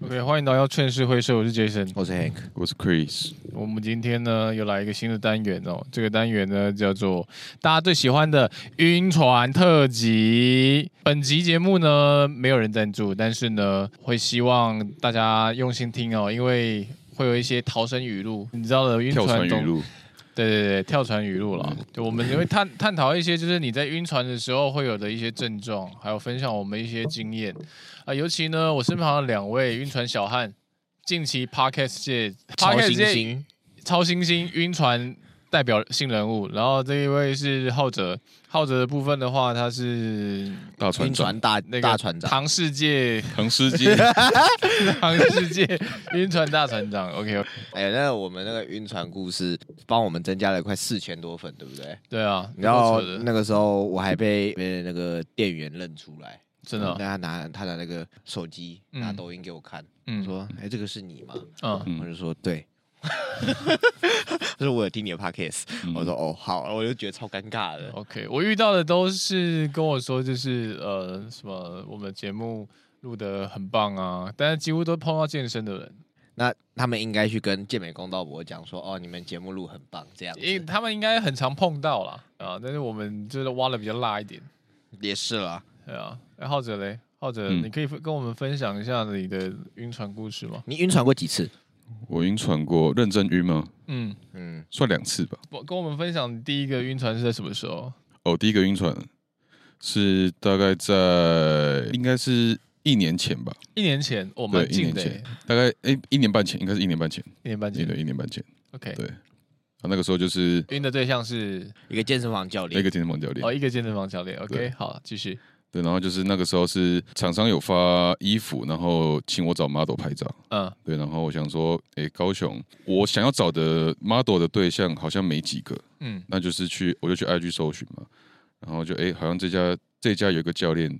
OK，歡迎來到勸世會社，我是 Jason，我是 Hank，我是 Chris。我們今天呢，又來一個新的單元哦，這個單元呢，叫做大家最喜歡的暈船特輯。本集節目呢，沒有人贊助，但是呢，會希望大家用心聽哦，因為，會有一些逃生語錄，你知道的，暈船語錄，對對對，跳船語錄了。對、嗯，就我們會探探討一些，就是你在暈船的時候會有的一些症狀，還有分享我們一些經驗啊。尤其呢，我身旁的兩位暈船小漢，近期 Podcast 界，超新星，超新星暈船。代表性人物，然後這一位是浩哲，浩哲的部分的話，他是暈、啊、船大船那個大船長，唐世界， 唐世界，唐世界，暈船大船長。OK，哎、okay 欸，那個、我們那個暈船故事幫我們增加了快四千多分，對不對？對啊，然後那個時候我還被被那個店員認出來，真的、哦，他拿他的那個手機、嗯、拿抖音給我看，嗯、說哎、欸、這個是你嗎？嗯，我就說對。他 說 我有聽你的 podcast，、嗯、我說哦好、啊，我就覺得超尷尬的。OK，我遇到的都是跟我說，就是呃什麼我們節目錄的很棒啊，但是幾乎都碰到健身的人。那他們應該去跟健美公道伯講說哦，你們節目錄很棒這樣子、欸。他們應該很常碰到啦，啊，但是我們就是挖的比較辣一點，也是啦。對啊，那浩哲嘞，浩哲、嗯，你可以跟我們分享一下你的暈船故事嗎？你暈船過幾次？我暈船過，認真暈嗎？嗯嗯，算兩次吧。不跟我們分享第一個暈船是在什麼時候？哦，第一個暈船是大概在應該是一年前吧。一年前我們、哦、一年前，大概誒、欸、一年半前，應該是一年半前，一年半前對，一年半前。OK，對啊，那個時候就是暈的對象是一個健身房教練，一個健身房教練哦，一個健身房教練。OK，好，繼續。對，然後就是那個時候是廠商有發衣服，然後請我找 model 拍照。嗯，對，然後我想說，誒，高雄，我想要找的 model 的對象好像沒幾個。嗯，那就是去，我就去 IG 搜尋嘛，然後就誒，好像這家這家有一個教練，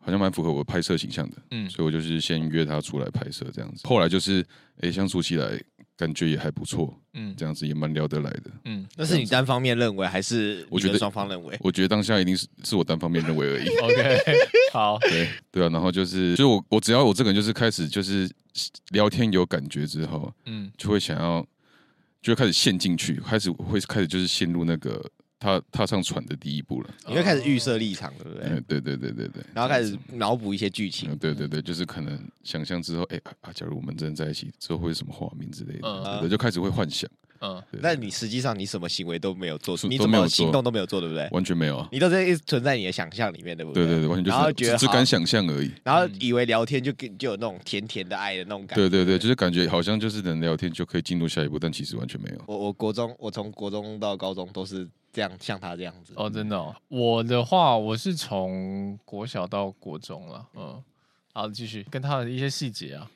好像蠻符合我拍攝形象的。嗯，所以我就是先約他出來拍攝這樣子。後來就是，誒，相處起來。感覺也還不錯，嗯，嗯，這樣子也蠻聊得來的，嗯。那是你單方面認為，還是雙我覺得雙方認為？我覺得當下一定是是我單方面認為而已。OK， 好 對對啊。然後就是，就我我只要我這個人就是開始就是聊天有感覺之後，嗯，就會想要，就會開始陷進去，嗯，開始會開始就是陷入那個。他踏，踏上船的第一步了，你就開始預設立場，對不對、嗯？對對對對對。然後開始腦補一些劇情、嗯。對對對，就是可能想象之後，哎、欸啊，假如我們真的在一起，之後會有什麼畫面之類的，嗯、對，對，對，就開始會幻想。嗯，對對對，但你實際上你什麼行為都沒有做出，你都沒有行動都沒有做，對不對？完全沒有、啊，你都在一直存在你的想象裡面，對不對？對對對，完全就是只敢想象而已。然後以為聊天就就有那種甜甜的愛的那種感覺，對對。對對對，就是感覺好像就是能聊天就可以進入下一步，但其實完全沒有。我我國中，我從國中到高中都是。這樣像他這樣子哦，真的哦。Oh, no, no. 我的話，我是從國小到國中了。嗯，好，繼續跟他的一些細節啊，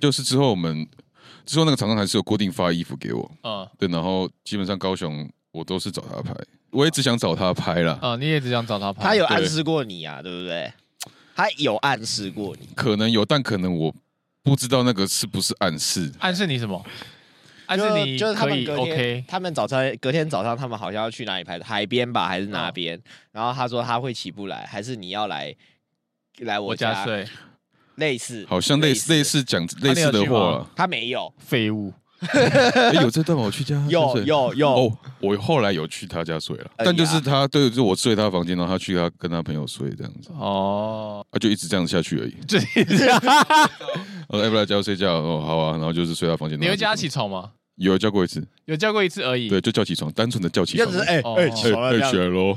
就是之後我們之後那個廠商還是有固定發衣服給我啊、嗯。對，然後基本上高雄我都是找他拍，我也只想找他拍了啊、嗯。你也只想找他拍，他有暗示過你啊，對不對？他有暗示過你，可能有，但可能我不知道那個是不是暗示，暗示你什麼？就還是你就是他們隔天，okay、他們早餐隔天早上，他們好像要去哪裡拍的海邊吧，還是哪邊、哦？然後他說他會起不來，還是你要來來我家，我家睡？類似，好像類似類似講類，類，類，類，類，類似的話、啊。他沒有，廢物、 欸，有這段嗎？我去家，有有有哦。我後來有去他家睡了，嗯、但就是他 對，就是，我睡他房間，然後他去他跟他朋友睡這樣子哦、啊，就一直這樣子下去而已。要不，我來家我睡覺哦，好啊，然後就是睡他房間。你會叫他起床嗎？ 有叫過一次，有叫過一次而已。對，就叫起床，單純的叫起床。哎哎、欸欸欸欸，起床了，起來嘍！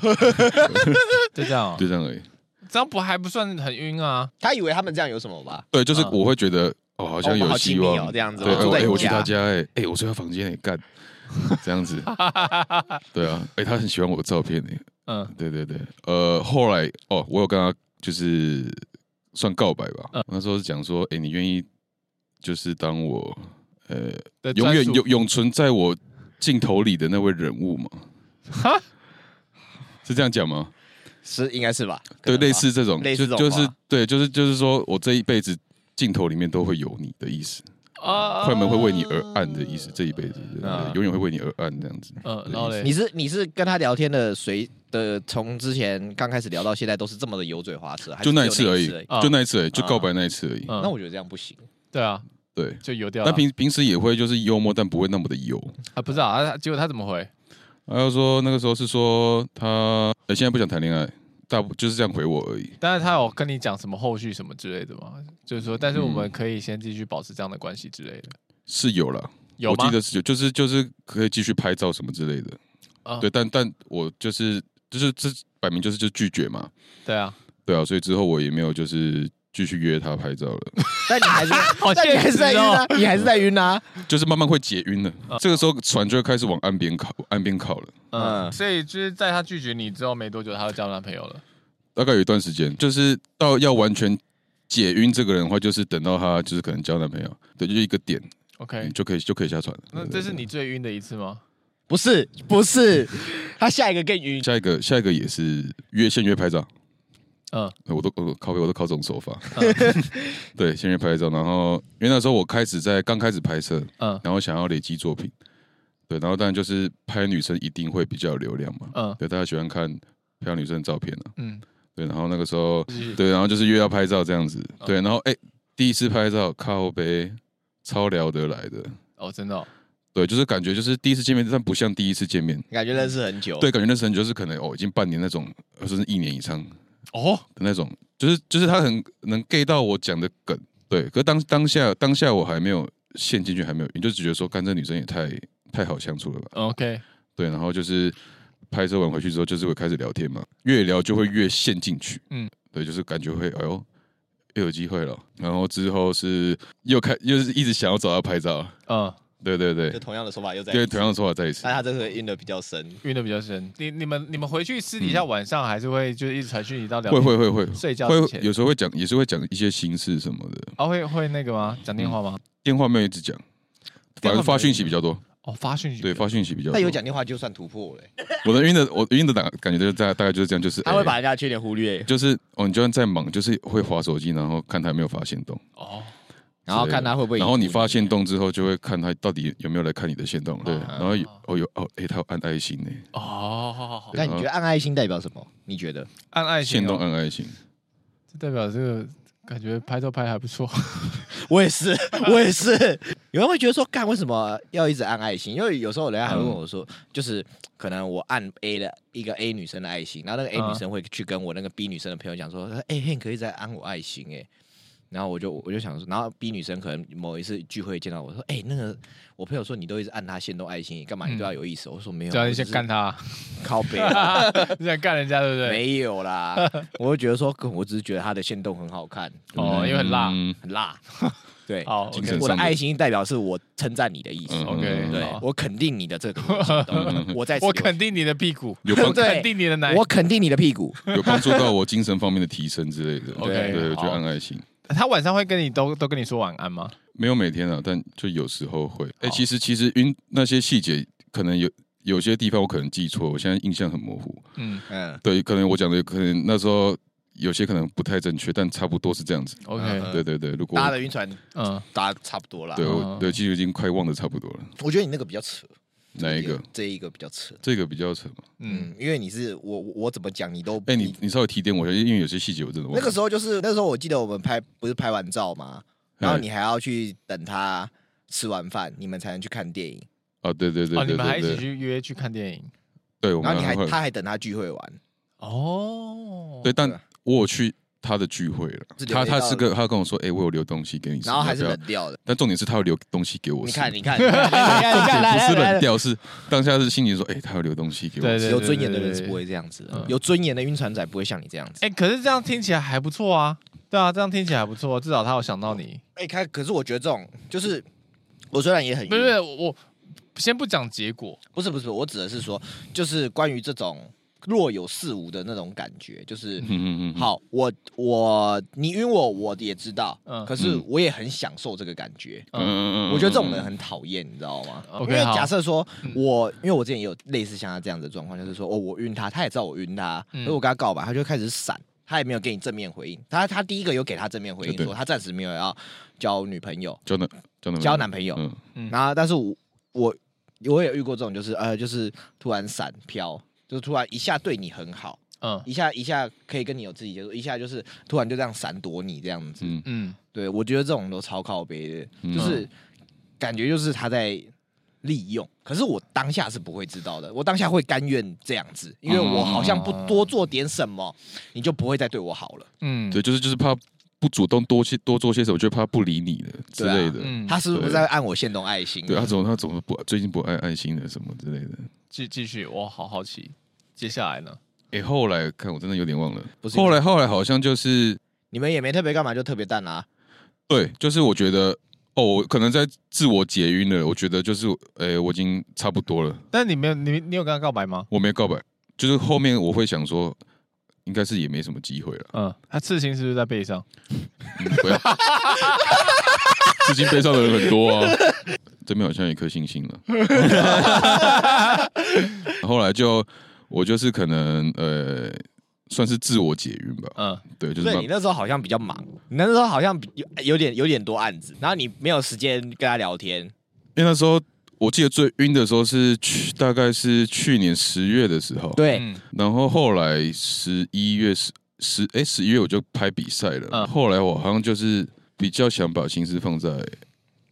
就這樣、喔，就這樣而、欸、已。這樣不還不算很暈啊？他以為他們這樣有什麼吧？對、欸，就是我會覺得哦、嗯喔，好像有希望哦密、喔，這樣子。對，哦欸、我去他家、欸，哎，哎，我去他房間裡幹，幹 這樣子。對啊，哎、欸，他很喜歡我的照片呢、欸。嗯，對對對。呃，後來哦、喔，我有跟他就是算告白吧。嗯、那時候是講說，哎、欸，你願意就是當我。呃，永遠永永存在我鏡頭裡的那位人物嘛？哈，是這樣講嗎？是，應該是吧。對，類似這種，就是就是對，就是就是說我這一輩子鏡頭裡面都會有你的意思，快、啊、門會為你而按的意思，這一輩子、啊、永遠會為你而按這樣子。嗯、啊，然後嘞，你是你是跟他聊天的誰的？從之前剛開始聊到現在，都是這麼的油嘴滑舌，就那一次而已，就那一次，而已、啊就，那一次欸、就告白那一次而已、啊啊。那我覺得這樣不行。對啊。對，就油掉了。那平平時也會就是幽默，但不會那麼的油啊。不知道啊，啊，結果他怎麼回？他又說那個時候是說他、欸、現在不想談戀愛，大就是這樣回我而已。但是他有跟你講什麼後續什麼之類的嗎？就是說，但是我們可以先繼續保持這樣的關係之類的。嗯、是有啦，有我記得是有，就是就是可以繼續拍照什麼之類的。啊、嗯，對，但但我就是就是這擺明就是、就是就是拒絕嘛。對啊，對啊，所以之後我也沒有就是。繼續約他拍照了 但你還是， 好哦，但你還是在暈啊，你還是在暈啊， 就是慢慢會解暈了。嗯，這個時候船就會開始往岸邊靠，岸邊靠了，嗯，嗯，所以就是在他拒絕你之後沒多久，他就交男朋友了，大概有一段時間，就是到要完全解暈這個人，的話，就是等到他就是可能交男朋友，對，就一個點，OK，你就可以就可以下船了，對對對，那這是你最暈的一次嗎？不是，不是，他下一個更暈， 下一個下一個也是約，先約拍照。Uh, 我都靠北我，我都靠這種手法，uh. 對，先去拍照。然後因為那時候我開始在剛開始拍攝，嗯、uh.，然後想要累積作品，對，然後當然就是拍女生一定會比較有流量嘛，嗯、uh.，對，大家喜歡看漂亮女生的照片，啊嗯，對，然後那個時候是是，對，然後就是約要拍照這樣子，uh. 對，然後哎、欸，第一次拍照，靠北超聊得來的，哦、oh，，真的，哦，對，就是感覺就是第一次見面，但不像第一次見面，感覺認識很久，對，感覺認識很久是可能哦，已經半年那種，甚至一年以上。哦、oh?，那種就是就是他很能 get 到我講的梗，對。可是當當下當下我還沒有陷進去，還沒有，你就只覺得說，幹，這女生也太太好相處了吧？OK，對。然後就是拍攝完回去之後，就是會開始聊天嘛，越聊就會越陷進去。嗯，對，就是感覺會哎喲，又有機會了。然後之後是又開，又是一直想要找她拍照。嗯、uh.。對對對，就同樣的說法又在，對同樣的說法在一起。但他這次暈的比較深，暈的比較深。你你們你們回去私底下晚上還是會就是一直傳訊息到兩點，會會會會睡覺前會，有時候會講也是會講一些心事什麼的。啊，會會那個嗎？講電話嗎？電話沒有一直講，反而發訊息比較多。哦，發訊息對，發訊息比較多。那有講電話就算突破嘞、欸。我能暈的，我暈的感感覺就是大概大概就是這樣，就是 A, 他會把人家缺點忽略。就是哦，你就算再忙，就是會滑手機，然後看他有沒有發限動。哦。然後看他會不會，然後你發限動之後，就會看他到底有沒有來看你的限動對、哦，然後哦有哦，哎、哦欸，他有按愛心呢。哦，好好好。那你覺得按愛心代表什麼？你覺得？按愛心、哦。限動按愛心，這代表這個感覺拍都拍還不錯。我也是，我也是。 有人會覺得說，幹為什麼要一直按愛心？因為有時候人家還問我說、嗯，就是可能我按 A 的一個 A 女生的愛心，然後那個 A 女生會去跟我那個 B 女生的朋友講說，哎、嗯、嘿、欸、可以再按我愛心哎。然後我就我就想說，然後 B 女生可能某一次聚會見到我說，哎、欸，那個我朋友說你都一直按她限動愛心，幹嘛你對她有意思、嗯？我說沒有，想幹她，靠、嗯、北， 你想幹人家對不對？沒有啦， 我就覺得說，我只是覺得她的限動很好看對對哦，因為很辣、嗯、很辣。 對、okay，我的愛心代表是我稱讚你的意思。嗯、OK，對、嗯、okay, 對我肯定你的這個、嗯嗯嗯嗯，我在我肯定你的屁股，我肯定你的我肯定你的屁股，有幫助到我精神方面的提升之類的。OK， 對我就按愛心。他晚上會跟你都都跟你說晚安嗎？沒有每天啊，但就有時候會。哎、欸，其實其實暈那些細節，可能有有些地方我可能記錯，我現在印象很模糊。嗯嗯，對，可能我講的可能那時候有些可能不太正確，但差不多是這樣子。OK，對對對，如果大的暈船，嗯，大家差不多了。對我對，其實已經快忘得差不多了。我覺得你那個比較扯。哪一個？這一個比較扯，這個比較扯。嗯，因為你是我，我怎麼講你都哎、欸，你你稍微提點我一下，因為有些細節我真的我那個時候就是那個時候我記得我們拍不是拍完照嘛，然後你還要去等他吃完飯，你們才能去看電影。哦，對對對，哦，你們還一起去約去看電影。對，我們然後你還他還等他聚會完。哦。對，但對我有去。嗯他的聚會了，他他是個，他跟我說，哎、欸，我有留東西給你吃，然後還是冷掉的。但重點是他有留東西給我，你看你看， 你看你看你看你看，不是冷掉，是當下是心裡說，哎、欸，他有留東西給我。對對對對有尊嚴的人是不會這樣子的，對對對對有尊嚴的暈船仔不會像你這樣子。哎、嗯欸，可是這樣聽起來還不錯啊，對啊，這樣聽起來還不錯，至少他有想到你。哎，開，可是我覺得這種就是，我雖然也很、欸，是就是、也很暈不是我,我先不講結果，不是不是，我指的是說，就是關於這種。若有似無的那種感覺，就是，嗯嗯嗯，好，我我你暈我，我也知道、嗯，可是我也很享受這個感覺，嗯嗯嗯，我覺得這種人很討厭，你知道嗎、嗯、因為假設說、嗯、我，因為我之前也有類似像他這樣的狀況，就是說，哦，我暈他，他也知道我暈他，如果跟他告白，他就開始閃，他也沒有給你正面回應，他他第一個有給他正面回應，說他暫時沒有要交女朋友，交男交男朋友，嗯嗯，然後但是我我，我也遇過這種，就是呃，就是突然閃飄。就是突然一下對你很好，嗯，一下一下可以跟你有肢體接觸，一下就是突然就這樣閃躲你這樣子，嗯，對,嗯對我覺得這種都超靠北、嗯啊，就是感覺就是他在利用，可是我當下是不會知道的，我當下會甘願這樣子，因為我好像不多做點什麼、嗯啊，你就不會再對我好了，嗯，對，就是就是怕不主動多去多做些什麼，就怕不理你了之類的、啊嗯，他是不是在按我限動愛心？對，他怎麼他怎麼不最近不愛愛心的什麼之類的。繼繼續我好好奇，接下來呢？哎、欸，後來看我真的有點忘了，不是後來是後來好像就是你們也沒特別幹嘛，就特別淡啦、啊。對，就是我覺得哦，我可能在自我解暈了。我覺得就是哎、欸，我已經差不多了。但你沒有你你有跟他告白嗎？我沒告白，就是後面我會想說，應該是也沒什麼機會了。嗯，他、啊、刺青是不是在背上？ 嗯、不要。 最近背上的人很多啊， 這邊好像一顆星星了。 後來就我就是可能呃，算是自我解暈吧。嗯，對，就是，那你那時候好像比較忙，你那時候好像有有點有點多案子，然後你沒有時間跟他聊天。因為那時候我記得最暈的時候是去大概是去年十月的時候，對。嗯、然後後來十一月十十哎十一月我就拍比賽了，嗯、後來我好像就是。比較想把心思放在、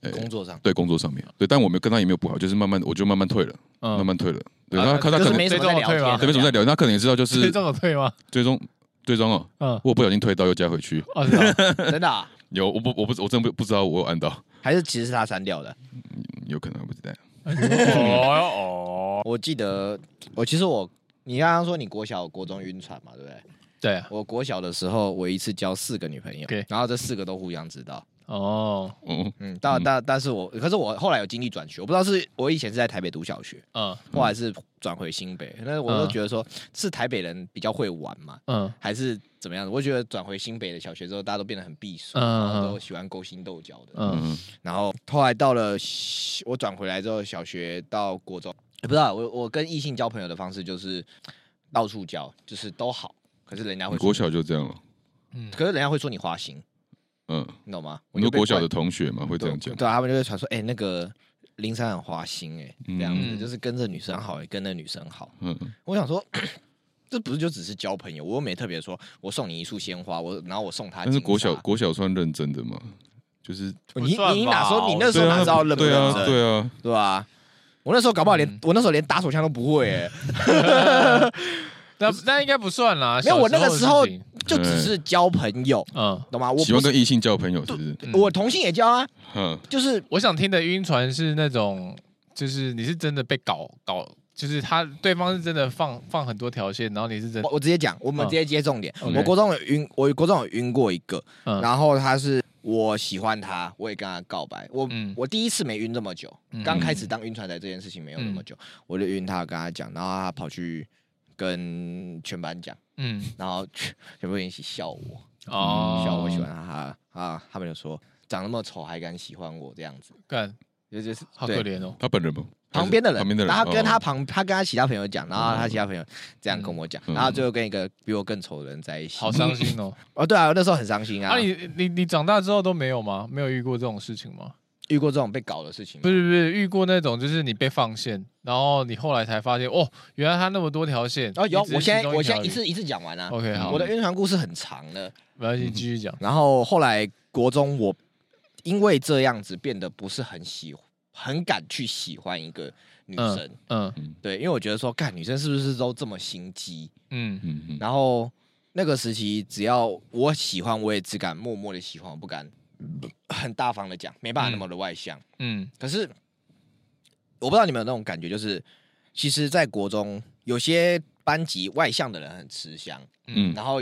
欸、工作上，對工作上面，對，但我沒有跟他也沒有不好，就是慢慢我就慢慢退了、嗯，慢慢退了，對，啊、他，他，他可能、就是、沒怎麼在聊天是不是對，沒怎麼在聊，他可能也知道就是最終我退嗎？最終最終哦、嗯，我不小心退到又加回去，啊、的 真的、啊、有？我不我不我真不不知道我有按到還是其實是他刪掉的，有可能不知道。哦、欸、哦， 我記得我其實我你剛剛說你國小國中暈船嘛，對不對？對、啊，我國小的時候，我一次交四個女朋友，okay. 然後這四個都互相知道。哦，嗯嗯，但但但是我，可是我後來有經歷轉學，我不知道是我以前是在台北讀小學，嗯、uh.，後來是轉回新北，那我都覺得說、uh. 是台北人比較會玩嘛，嗯、uh.，還是怎麼樣？我覺得轉回新北的小學之後，大家都變得很閉俗。嗯、uh.，都喜歡勾心鬥角的，嗯、uh. uh.，然後後來到了我轉回來之後，小學到國中，不知道我我跟異性交朋友的方式就是到處交，就是都好。還是人家會國小就這樣了，嗯，可是人家會說你花心，嗯，你懂嗎？很多國小的同學嘛，會這樣講，對，他們就會傳說，哎、欸，那個林山很花心，欸，哎、嗯，這樣子就是跟這女生好，欸，跟那女生好。嗯，我想說，這不是就只是交朋友，我又沒特別說我送你一束鮮花，我然後我送他。但是國小國小算認真的嘛？就是你你哪時候你那時候哪知道認不認真的？對啊，對啊，對吧、啊啊？我那時候搞不好連、嗯、我那時候連打手槍都不會、欸。 那那應該不算啦，沒有，我那個時候就只是交朋友，嗯、懂嗎？我喜歡跟異性交朋友，其實我同性也交啊。嗯，就是我想聽的暈船是那種，就是你是真的被搞搞，就是他對方是真的放放很多條線，然後你是真的我，我直接講，我們直接接重點。嗯、我國中有暈，我國中有暈過一個、嗯，然後他是我喜歡他，我也跟他告白。我、嗯、我第一次沒暈這麼久，剛、嗯、開始當暈船仔這件事情沒有那麼久，嗯、我就暈他跟他講，然後他跑去跟全班講，嗯，然後全全部人一起笑我，哦、嗯嗯，笑我喜歡他，他啊，他們就說長那麼醜還敢喜歡我這樣子，干，就就是好可憐哦、喔。他本人不，旁邊的人，旁邊的人，他跟他旁、哦，他跟他其他朋友講，然後他其他朋友這樣跟我講，然後最後跟一個比我更醜的人在一起，好傷心哦、喔。哦、 啊，對啊，我那時候很傷心啊。啊你你你長大之後都沒有嗎？沒有遇過這種事情嗎？遇過這種被搞的事情嗎？不是不是，遇過那種就是你被放線，然後你後來才發現哦，原來他那麼多條線。哦，有，我現在我現在一次一次講完啊。OK，好，我的暈船故事很長的。沒關係，繼續講。然後後來國中，我因為這樣子變得不是很喜，很敢去喜歡一個女生。嗯,嗯對，因為我覺得說，幹，女生是不是都這麼心機？嗯嗯嗯。然後那個時期，只要我喜歡，我也只敢默默的喜歡，我不敢。很大方的講，沒辦法那麼的外向，嗯。嗯，可是我不知道你們有那種感覺，就是其實，在國中有些班級外向的人很吃香，嗯，然後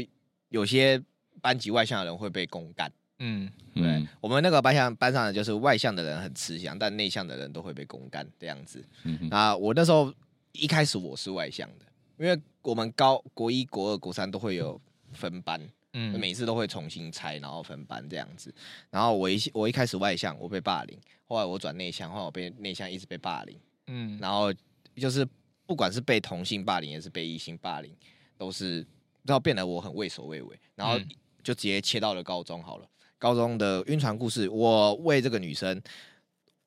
有些班級外向的人會被公幹，嗯，嗯，對，我們那個班上班上的就是外向的人很吃香，但內向的人都會被公幹這樣子。啊，嗯，那我那時候一開始我是外向的，因為我們高國一、國二、國三都會有分班。嗯，每次都會重新拆，然後分班這樣子。然後我一我一開始外向，我被霸凌；後來我轉內向，後來我被內向一直被霸凌。嗯，然後就是不管是被同性霸凌，也是被異性霸凌，都是然後變得我很畏首畏尾。然後就直接切到了高中好了。嗯，高中的暈船故事，我為這個女生，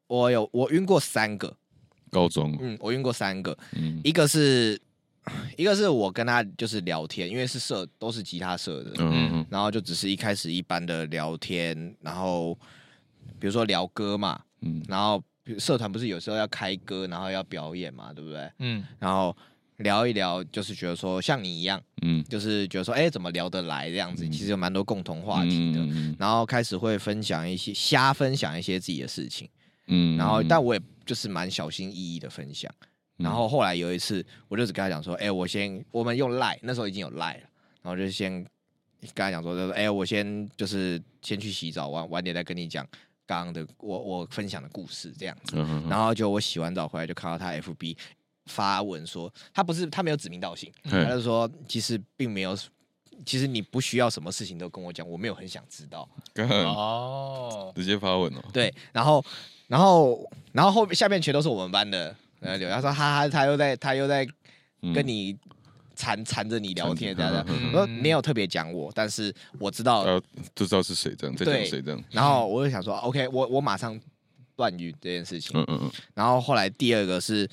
我有我暈過三個高中，嗯，我暈過三個，嗯，一個是。一個是我跟他就是聊天，因為是社都是吉他社的，嗯，然後就只是一開始一般的聊天，然後比如說聊歌嘛，嗯，然後社團不是有時候要開歌，然後要表演嘛，對不對？嗯，然後聊一聊，就是覺得說像你一樣，嗯，就是覺得說哎、欸，怎麼聊得來這樣子？嗯，其實有蠻多共同話題的，嗯嗯嗯，然後開始會分享一些瞎分享一些自己的事情，嗯，嗯，嗯，然後但我也就是蠻小心翼翼的分享。然後後來有一次，我就只跟他講說：“哎、欸，我先，我們用賴、like,，那時候已經有賴、like、了。然後就先跟他講說：，就說，哎，我先就是先去洗澡，晚晚點再跟你講剛剛的我我分享的故事這樣子。呵呵呵然後就我洗完澡回來，就看到他 FB 發文說，他不是他沒有指名道姓，嗯、他就說其實並沒有，其實你不需要什麼事情都跟我講，我沒有很想知道剛剛哦，直接發文哦。對，然後然後然後後面下面全都是我們班的。”然、呃、後說，哈哈，他又在，他又在跟你纏纏着你聊天，這樣，這樣呵呵呵，我說沒有特別講我，但是我知道，就、啊、知道是誰這樣在講誰這樣，然後我就想說、嗯、，OK，我我馬上斷語這件事情。嗯嗯嗯。然後後來第二個是，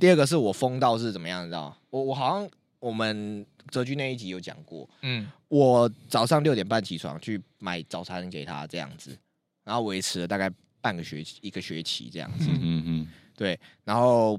第二個是我瘋到是怎麼樣？你知道？我我好像我們澤君那一集有講過。嗯，我早上六點半起床去買早餐給他，這樣子，然後維持了大概半個學期，一個學期這樣子。嗯嗯。嗯對，然後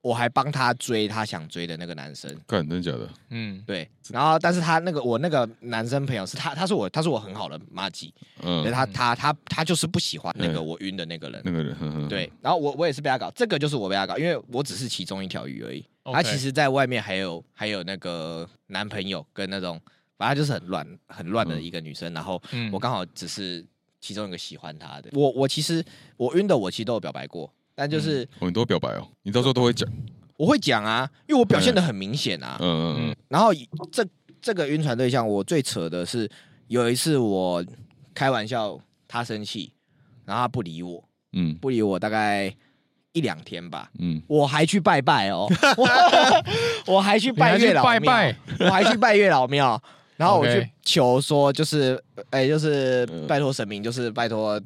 我還幫他追他想追的那個男生，真的假的？嗯，對。然後，但是他那個我那個男生朋友是他，他是我，他是我很好的麻吉。嗯，他他他他就是不喜歡那個我暈的那個人。哎、那個人。對，然後我我也是被他搞，這個就是我被他搞，因為我只是其中一條魚而已。Okay、他其實在外面還有還有那個男朋友跟那種，反正就是很亂很亂的一個女生、嗯。然後我剛好只是其中一個喜歡他的。嗯、我我其實我暈的，我其實都有表白過。但就是我很多表白哦，你到時候都會講？我會講啊，因為我表現得很明顯啊，嗯嗯嗯。然後這這個暈船對象，我最扯的是有一次我開玩笑，他生氣，然後他不理我，嗯，不理我大概一兩天吧，嗯，我還去拜拜哦， 我還去拜月老廟去拜拜，我還去拜月老廟。 我還去拜月老廟然後我去求說，就是，哎、okay 欸，就是拜託神明、嗯，就是拜託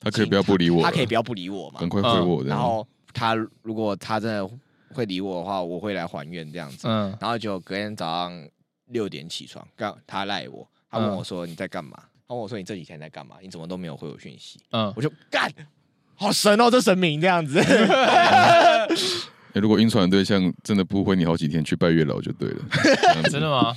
他可以不要不理我他，他可以不要不理我嘛，很快回我的、嗯。然後他如果他真的會理我的話，我會來還願這樣子。嗯，然後就隔天早上六點起床，他賴我，他問我說你在幹嘛、嗯？他問我說你這幾天在幹嘛？你怎麼都沒有回我訊息？嗯，我就幹，好神哦，這神明這樣子。 欸、如果暈船對象真的不回你好幾天，去拜月老就對了。 真的嗎？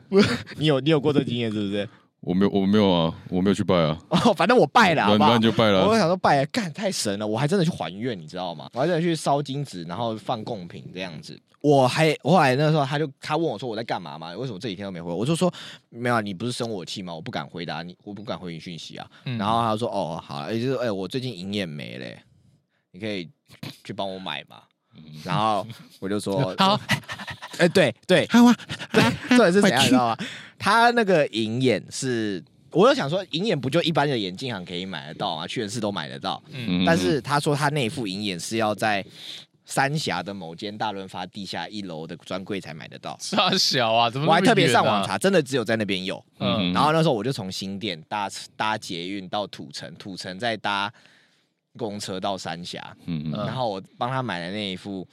你有你有過這經驗是不是？ 我沒有我沒有啊，我沒有去拜啊。哦， 反正我拜了好好，拜就拜了，啊。我想說拜了，幹太神了，我還真的去還願，你知道嗎？我還真的去燒金紙，然後放貢品這樣子。我還我後來那個時候他就他問我說我在幹嘛嘛？為什麼這幾天都沒回？我就說沒有，啊，你不是生我氣嗎？我不敢回答你，我不敢回你訊息啊，嗯。然後他說哦，好了，也、欸、就是哎、欸，我最近營業沒了，你可以去幫我買嘛。 然後我就說好，哎 說，對、 呃、對，對這個人是誰啊？ 你知道嗎？他那個銀眼是，我就想說銀眼不就一般的眼鏡行可以買得到啊？屈臣氏都買得到，嗯，但是他說他那副銀眼是要在三峽的某間大潤發地下一樓的專櫃才買得到，三小啊，怎麼、麼、啊、我還特別上網查，真的只有在那邊有，嗯。然後那時候我就從新店搭搭捷運到土城，土城再搭。公車到三峽，嗯，然後我幫他買了那一副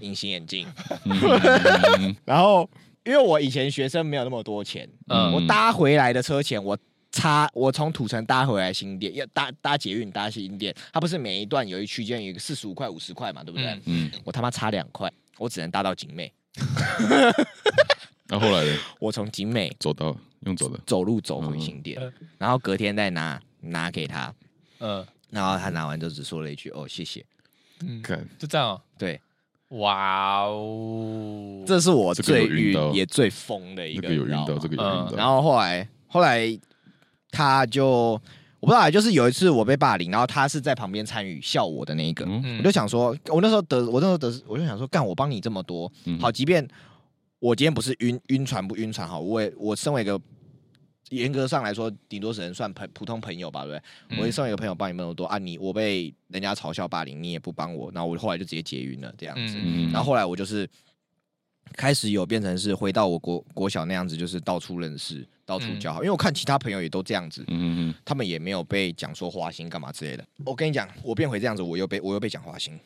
隱形眼鏡，嗯、 然後因為我以前學生沒有那麼多錢，嗯，我搭回來的車錢我差，我從土城搭回來新店要搭搭捷運搭新店，它不是每一段有一區間有一個四十五塊五十塊嘛，對不對？嗯，嗯我他媽差兩塊，我只能搭到景美。那、 啊、後來呢？我從景美走到用走的走路走回新店，嗯、然後隔天再拿拿給他，嗯。然後他拿完就只說了一句：“哦，謝謝。”嗯，就這樣、喔。哦，對，哇、wow、哦，這是我最暈、這個、也最瘋的一個。這個有暈到，這個有暈到、嗯。然後後來，後來他就我不知道，就是有一次我被霸凌，然後他是在旁邊參與笑我的那一個、嗯。我就想說，我那時候得，我那時候得，我就想說，幹，我幫你這麼多，好，即便我今天不是暈暈船不暈船，哈，我也我身為一個。嚴格上來說，頂多只能算朋普通朋友吧，對不對，嗯？我送一個朋友幫你們那麼多啊，你，你我被人家嘲笑霸凌，你也不幫我，然後我後來就直接結云了這樣子，嗯嗯。然後後來我就是開始有變成是回到我國國小那樣子，就是到處認識，到處交好，嗯，因為我看其他朋友也都這樣子，嗯嗯，他們也沒有被講說花心幹嘛之類的。我跟你講，我變回這樣子，我又被我又被講花心。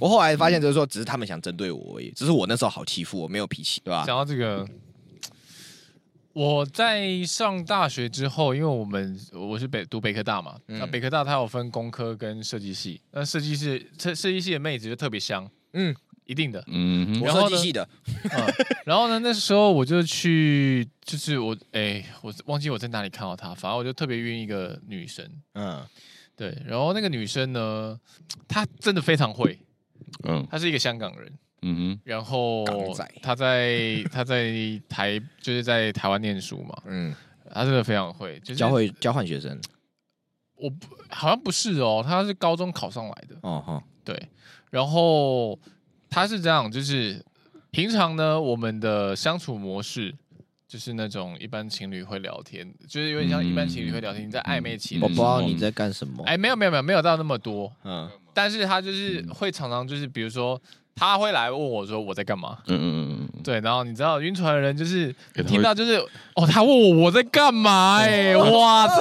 我後來發現就是說，只是他們想針對我而已，只是我那時候好欺負，我沒有脾氣，對吧？講到這個。我在上大學之後，因為我們我是北讀北科大嘛，那、嗯、北科大它有分工科跟設計系，那設計系設設計系的妹子就特別香，嗯，一定的，嗯，然後呢，我是設計系的、嗯、然後呢，那時候我就去，就是我哎、欸，我忘記我在哪裡看到她，反正我就特別暈一個女生，嗯，對，然後那個女生呢，她真的非常會，嗯，她是一個香港人。嗯哼，然後他在 他在台就是在台灣念書嘛，嗯，他真的非常會，就是教會交換學生。我不好像不是哦，他是高中考上來的，哦哈對。然後他是這樣，就是平常呢，我們的相處模式就是那種一般情侶會聊天，就是有點像一般情侶會聊天，你在曖昧期，寶寶、就是、嗯、就是、嗯、你在幹什麼？哎，沒有沒有沒有沒有到那麼多，嗯、啊，但是他就是會常常就是比如說。他會來問我說我在幹嘛，嗯嗯嗯，嗯，對，然後你知道暈船的人就是聽到就是哦，他問我我在幹嘛，哎、欸欸，哇操，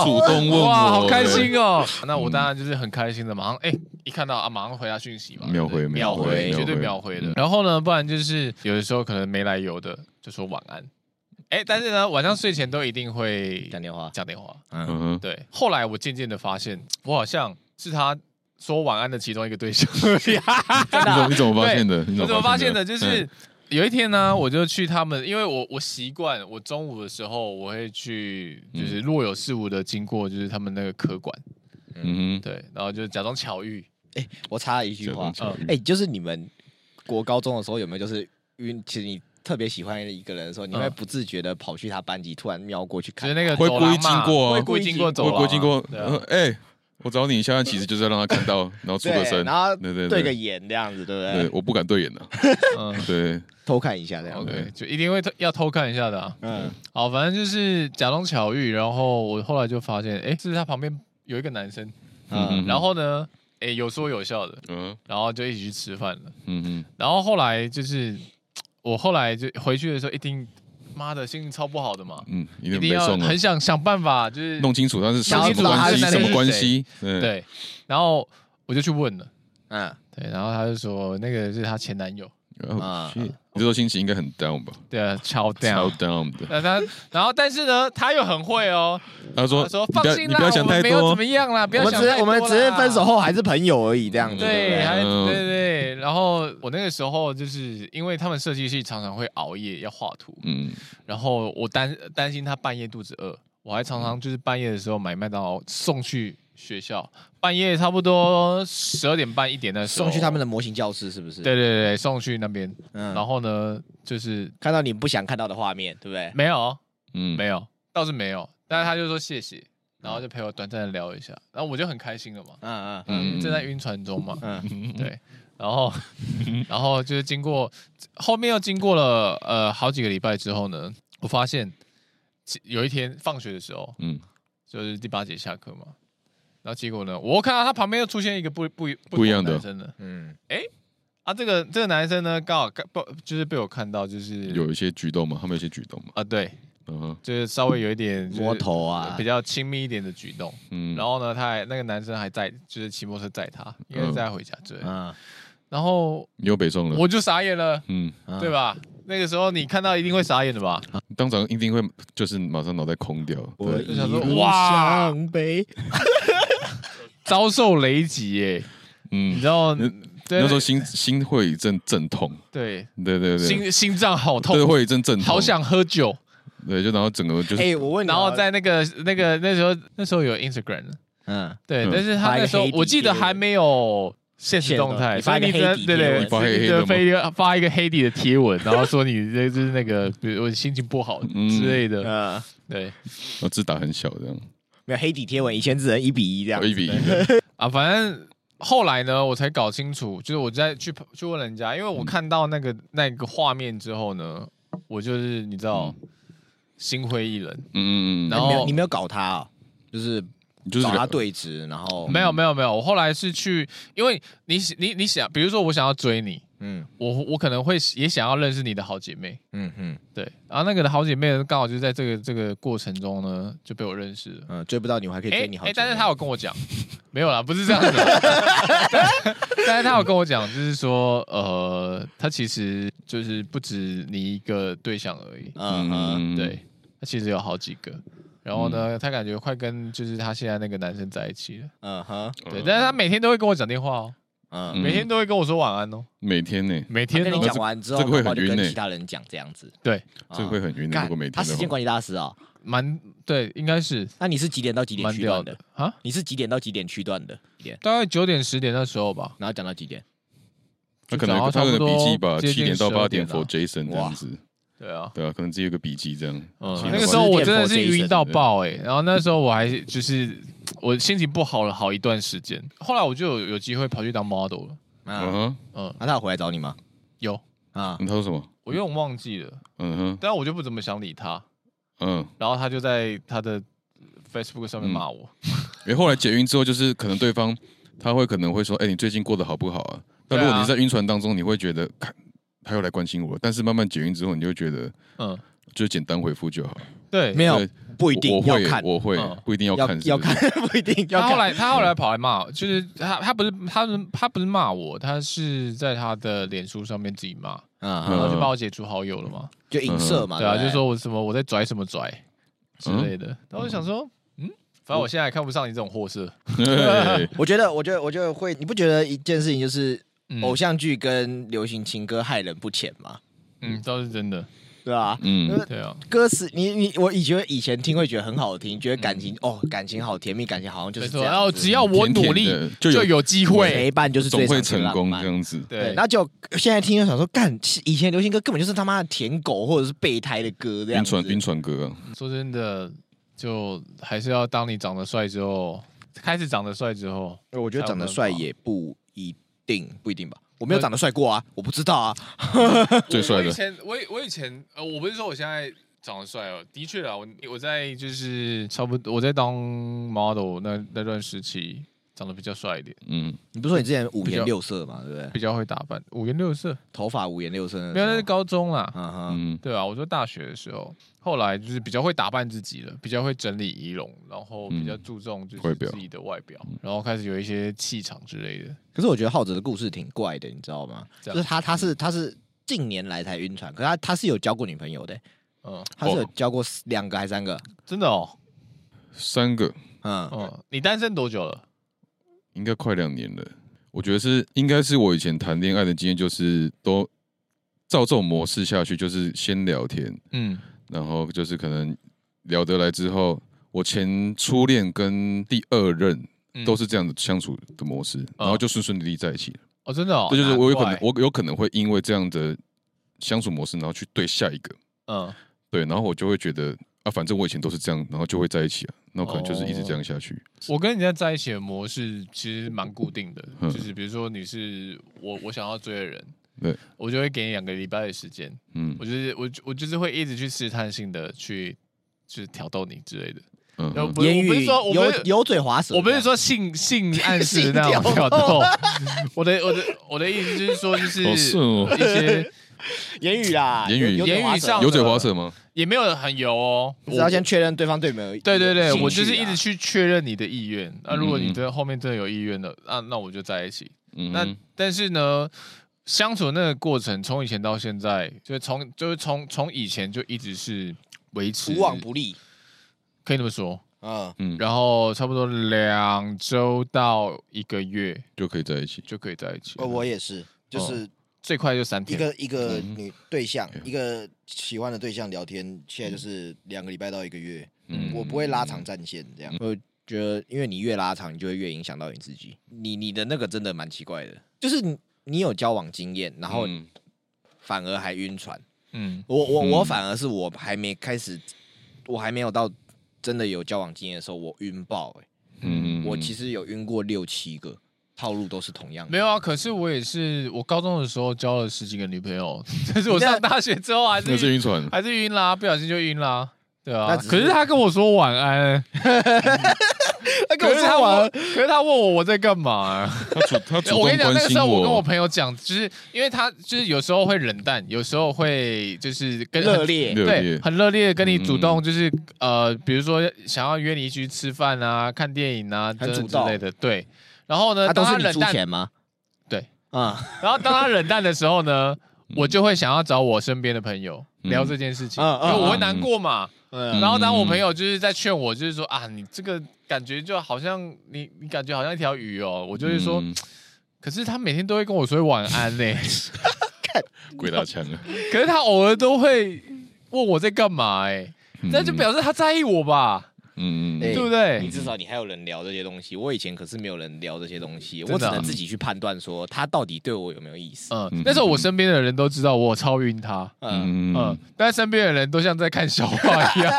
他主動問我，好開心哦、喔嗯。那我當然就是很開心的，馬上哎、欸、一看到啊馬上回他訊息嘛，秒回秒回絕對秒回，嗯嗯秒回的、嗯。然後呢，不然就是有的時候可能沒來由的就說晚安，哎，但是呢晚上睡前都一定會講電話講電話，嗯嗯對。後來我漸漸的發現我好像是他。說晚安的其中一個對象， 你，你怎麼發現的？ 你怎麼發現的？就是有一天呢，我就去他們，因為我我習慣，我中午的時候我會去，就是若有似無的經過，就是他們那個科館，嗯哼、嗯，對，然後就假裝巧遇。哎，我插一句話，哎，就是你們國高中的時候有沒有就是，因為其實你特別喜歡一個人的時候，你會不自覺的跑去他班級，突然瞄過去看、嗯，那個會故意經過、啊，會故意經過走廊，經過，哎。我找你一下，其實就是要讓他看到，然後出個聲， 然後對對對個眼這樣子，對不對？ 嗯、對，我不敢對眼的，對，偷看一下這樣，k、okay, 就一定會要偷看一下的，啊，嗯，好，反正就是假裝巧遇，然後我後來就發現，哎，欸，這是他旁邊有一個男生，嗯哼哼，然後呢，哎，欸，有說有笑的，嗯，然後就一起去吃飯了，嗯嗯，然後後來就是我後來就回去的時候一聽。媽的，心情超不好的嘛，嗯，一定，一定要很想想辦法，就是弄清楚他是什麼關係，什麼關係，對，然後我就去問了，嗯，對，然後他就說那個是他前男友，嗯。你說心情應該很 down 吧？對啊，超 down，超 down。Down 的 然後但是呢，他又很會哦。他說：“他說放心啦，不要想太多，我們沒有怎麼樣啦，我們只是，我們只是分手後還是朋友而已，這樣的。”對，嗯、對，對對。然後我那個時候就是因為他們設計師常常會熬夜要畫圖，嗯，然後我擔擔心他半夜肚子餓，我還常常就是半夜的時候買麥當勞送去。學校半夜差不多十二點半一點的時候送去他們的模型教室，是不是？對對對，送去那邊。嗯，然後呢，就是看到你不想看到的畫面，對不對？沒有，嗯，沒有，倒是沒有。但是他就說謝謝，然後就陪我短暫的聊一下，然後我就很開心了嘛。啊啊嗯嗯嗯，正在暈船中嘛。嗯嗯嗯，對。然後，然後就是經過後面又經過了呃好幾個禮拜之後呢，我發現有一天放學的時候，嗯，就是第八節下課嘛。然後結果呢？我看到他旁邊又出現一個不不不，不不一樣的男生了。嗯，誒，啊，這個這個男生呢，剛好剛不就是被我看到，就是有一些舉動嘛，他們有些舉動嘛。啊，對，嗯、uh -huh.，就是稍微有一點摸、就、頭、是、啊，比較親密一點的舉動。嗯、uh -huh.，然後呢，他還那個男生還在，就是騎摩托車載他，應該載回家之類。啊，uh -huh. 然後你又被宋了。我就傻眼了。嗯、uh -huh.，對吧？那個時候你看到一定會傻眼的吧？啊、當場一定會就是馬上腦袋空掉。對我就想說，哇，想。北。 遭受雷擊耶，嗯，你知道那，那時候心心會一陣陣痛，對對對對，心心臟好痛，這個、會一陣陣痛，好想喝酒，對，就然後整個就是欸，我問你，然後在那個那個那時候那時候有 Instagram，嗯，對，但是他那時候我記得還沒有限時動態，發一張對，對對，發、黑黑黑發一個發一個黑底的貼文，然後說你就是那個，比 如心情不好之類的、嗯、啊，對，我、哦、字打很小這樣沒有黑底貼文，以前只能一比一這樣。一比一 啊，反正後來呢，我才搞清楚，就是我在去去問人家，因為我看到那個、嗯、那個畫面之後呢，我就是你知道心灰意冷。嗯嗯嗯。然後你沒,你沒有搞他、啊，就是就是找他對峙，然後、嗯、沒有沒有沒有。我後來是去，因為你你你想，比如說我想要追你。嗯，我我可能會也想要認識你的好姐妹，嗯嗯，對，然後那個的好姐妹剛好就在這個這個過程中呢，就被我認識了。嗯，追不到你我還可以追你好姐妹，哎、欸欸，但是他有跟我講， 沒有啦，不是這樣子 但，但是他有跟我講，就是說，呃，他其實就是不止你一個對象而已，嗯、uh -huh. 嗯，對，他其實有好幾個，然後呢，uh -huh. 他感覺快跟就是他現在那個男生在一起了，嗯哼，對，但是他每天都會跟我講電話哦。嗯，每天都會跟我說晚安哦、喔嗯。每天呢、欸，每天跟你講完之後後這這個、會很暈、欸、其他人講這樣子，對，嗯、這個會很暈的。如果每天他時間管理大師啊、哦，蠻對，應該是。那你是幾點到幾點區段的啊？你是幾點到幾點區段的？大概九點十點那時候吧。然後講到幾點？他、啊、可能他們的筆記吧，七點到八點 for Jason, 點、啊、Jason 這樣子。對啊，對啊，可能只有個筆記這樣。嗯、那個時候我真的是暈, Jason, 暈到爆哎、欸，然後那時候我還就是。我心情不好了，好一段時間。後來我就有有機會跑去當 model 了。嗯、啊、嗯，那、uh -huh. 啊、他有回來找你嗎？有啊、嗯。他說什麼？我又忘記了。嗯哼。但我就不怎麼想理他。嗯、uh -huh.。然後他就在他的 Facebook 上面罵我。哎、嗯欸，後來解暈之後，就是可能對方他會可能會說：“哎、 欸，你最近過得好不好啊？”但如果你是在暈船當中，你會覺得看他又來關心我了。但是慢慢解暈之後，你就覺得嗯，uh -huh. 就簡單回復就好。對，對沒有。不一定要看，我，我會，我會、哦、不，一是不，是不一定要看，要看不一定要看。後來他後來跑來罵，就是他他不是他是他不是罵我，他是在他的臉書上面自己罵、嗯，然後就把我解除好友了嘛，就影射嘛、嗯，對啊，就說我什麼我在拽什麼拽之類的。那、嗯、我就想說，嗯，反正我現在也看不上你這種貨色。我覺得 我覺得我覺得會，你不覺得一件事情就是、嗯、偶像劇跟流行情歌害人不淺嗎？嗯，倒是真的。對啊，嗯，對、就、啊、是，歌詞你你我以覺得以前聽會覺得很好聽，覺得感情、嗯、哦感情好甜蜜，感情好像就是只要然後只要我努力甜甜就有機會，陪伴，就是總會成功這樣子。對，那就現在聽就想說，幹，以前流行歌根本就是他媽的舔狗或者是備胎的歌，這樣子。暈船暈船歌，啊、說真的，就還是要當你長得帥之後，開始長得帥之後，我覺得長得帥也不一定，不一定吧。我沒有長得帥過啊，嗯，我不知道啊。最帥的。我以前，我我以前，呃，我不是說我現在長得帥哦，的確啊，我我在就是差不多，我在當 model 那那段時期。長得比較帥一點，嗯，你不說你之前五顏六色嘛，對不對？比較會打扮，五顏六色，頭髮五顏六色。沒有，那是高中啦，uh-huh, 嗯對啊，我說大學的時候，後來就是比較會打扮自己了，比較會整理儀容，然後比較注重就是自己的外表，嗯、表然後開始有一些氣場之類的。可是我覺得浩哲的故事挺怪的，你知道嗎？就是他他是他是近年來才暈船，可是他他是有交過女朋友的、欸，嗯，他是有交過兩個還是三個、嗯，真的哦，三個，嗯嗯，你單身多久了？應該快兩年了，我覺得是應該是我以前談戀愛的經驗，就是都照這種模式下去，就是先聊天，嗯，然後就是可能聊得來之後，我前初戀跟第二任，嗯，都是這樣子相處的模式，嗯，然後就順順利利在一起了，哦。哦，真的，哦，這就是我有可能，我有可能會因為這樣的相處模式，然後去對下一個，嗯，對，然後我就會覺得。啊，反正我以前都是這樣，然後就會在一起啊，那我可能就是一直這樣下去，oh。我跟人家在一起的模式其實蠻固定的，嗯，就是比如說你是我，我想要追的人，對，我就會給你兩個禮拜的時間。嗯，我就是我我就是會一直去試探性的去去，就是，挑逗你之類的。嗯，不是言語油油嘴滑舌，我不是說，不是不是說性性暗示那樣挑逗。 我的我的我的意思就是說，就是，哦，一些言語啊，言語言語上油嘴滑舌嗎？也沒有很油哦，只要先確認對方對沒有意。啊、對，對對對，我就是一直去確認你的意願。那、啊、如果你的後面真的有意願了，那、嗯嗯啊、那我就在一起。嗯嗯，那但是呢，相處的那個過程，從以前到現在，就是從就是從從以前就一直是維持無往不利，可以這麼說嗯，然後差不多兩周到一個月就可以在一起，就可以在一起。哦，我也是，就是。嗯最快就三天，一個一個女對象、嗯，一個喜歡的對象聊天，嗯、現在就是兩個禮拜到一個月、嗯。我不會拉長戰線，這樣、嗯。我覺得，因為你越拉長，你就會越影響到你自己。你你的那個真的蠻奇怪的，就是你有交往經驗，然後反而還暈船。嗯，我我我反而是我還沒開始，我還沒有到真的有交往經驗的時候，我暈爆、欸、嗯，我其實有暈過六七個。套路都是同樣的，沒有啊。可是我也是，我高中的時候交了十幾個女朋友，但 是我上大學之後還是暈船，還是暈啦，不小心就暈啦，對啊。可是他跟我說晚安，他跟我說晚安，可是他問我我在幹嘛。啊我，我跟你講，那個時候我跟我朋友講，就是因為他就是有時候會冷淡，有時候會就是跟熱烈，對，很熱烈的跟你主動，嗯、就是呃，比如說想要約你去吃飯啊、看電影啊，真的之類的，對。然後呢？啊、他都是你出錢嗎？對，嗯。然後當他冷淡的時候呢，嗯、我就會想要找我身邊的朋友聊這件事情，嗯嗯嗯、因為我會難過嘛、嗯嗯。然後當我朋友就是在勸我，就是說、嗯嗯、啊，你這個感覺就好像你，你感覺好像一條魚哦。我就是說、嗯，可是他每天都會跟我說晚安呢、欸，鬼打牆，可是他偶爾都會問我在幹嘛哎、欸，那、嗯、就表示他在意我吧。嗯嗯、欸，對不對？你至少你還有人聊這些東西。嗯、我以前可是沒有人聊這些東西，啊、我只能自己去判斷說他到底對我有沒有意思。嗯，那時候我身邊的人都知道我超暈他，嗯嗯，嗯。但身邊的人都像在看笑話一樣。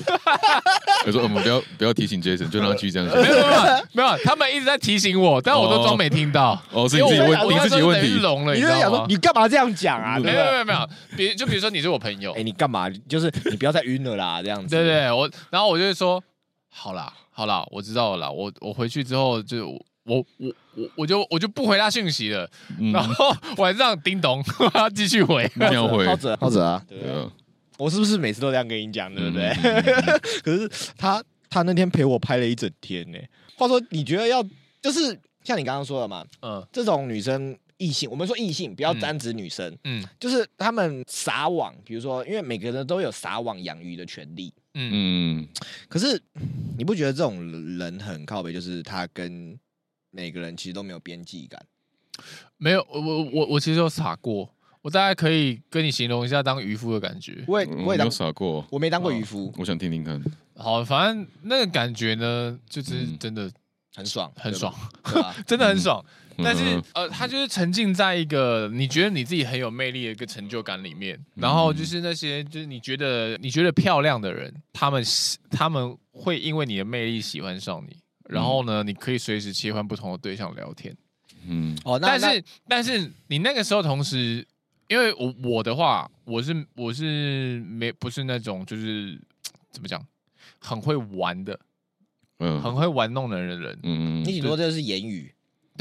我說我們不要不要提醒 Jason 就讓他去這樣 沒。沒有沒有沒有，他們一直在提醒我，但我都裝沒聽到。哦，自己問自己問題，聾了，你在想說你幹嘛這樣講啊？沒有沒有沒有，別就比如說你是我朋友，哎、欸，你幹嘛？就是你不要再暈了啦， 這樣子。對對，我然後我就會說。好啦，好啦，我知道了啦，我我回去之後就我我我我就我就不回他訊息了，嗯、然後晚上叮咚繼續回，沒有回，好者好者啊，對啊、嗯，我是不是每次都這樣跟你講，對不對？嗯嗯、 可是他他那天陪我拍了一整天呢、欸。話說，你覺得要就是像你剛剛說的嘛，嗯，這種女生異性，我們說異性，不要單指女生嗯，嗯，就是他們撒網，比如說，因為每個人都有撒網養魚的權利。嗯，嗯，可是你不覺得這種人很靠北，就是他跟每個人其實都沒有邊際感。沒有，我我我其實有傻過，我大概可以跟你形容一下當漁夫的感覺。我也我也當傻過，我沒當過漁夫。我想聽聽看。好，反正那個感覺呢，就是真的、嗯、很爽，很爽， 真的很爽。嗯但是呃，他就是沉浸在一個你覺得你自己很有魅力的一個成就感裡面，然後就是那些就是你覺得你覺得漂亮的人，他們他們會因為你的魅力喜歡上你，然後呢，你可以隨時切換不同的對象聊天，嗯哦，但是，哦，那，但是，那，但是你那個時候同時，因為我我的話我是我是沒不是那種就是怎麼講很會玩的，嗯，很會玩弄的人的人，嗯，你說這是言語。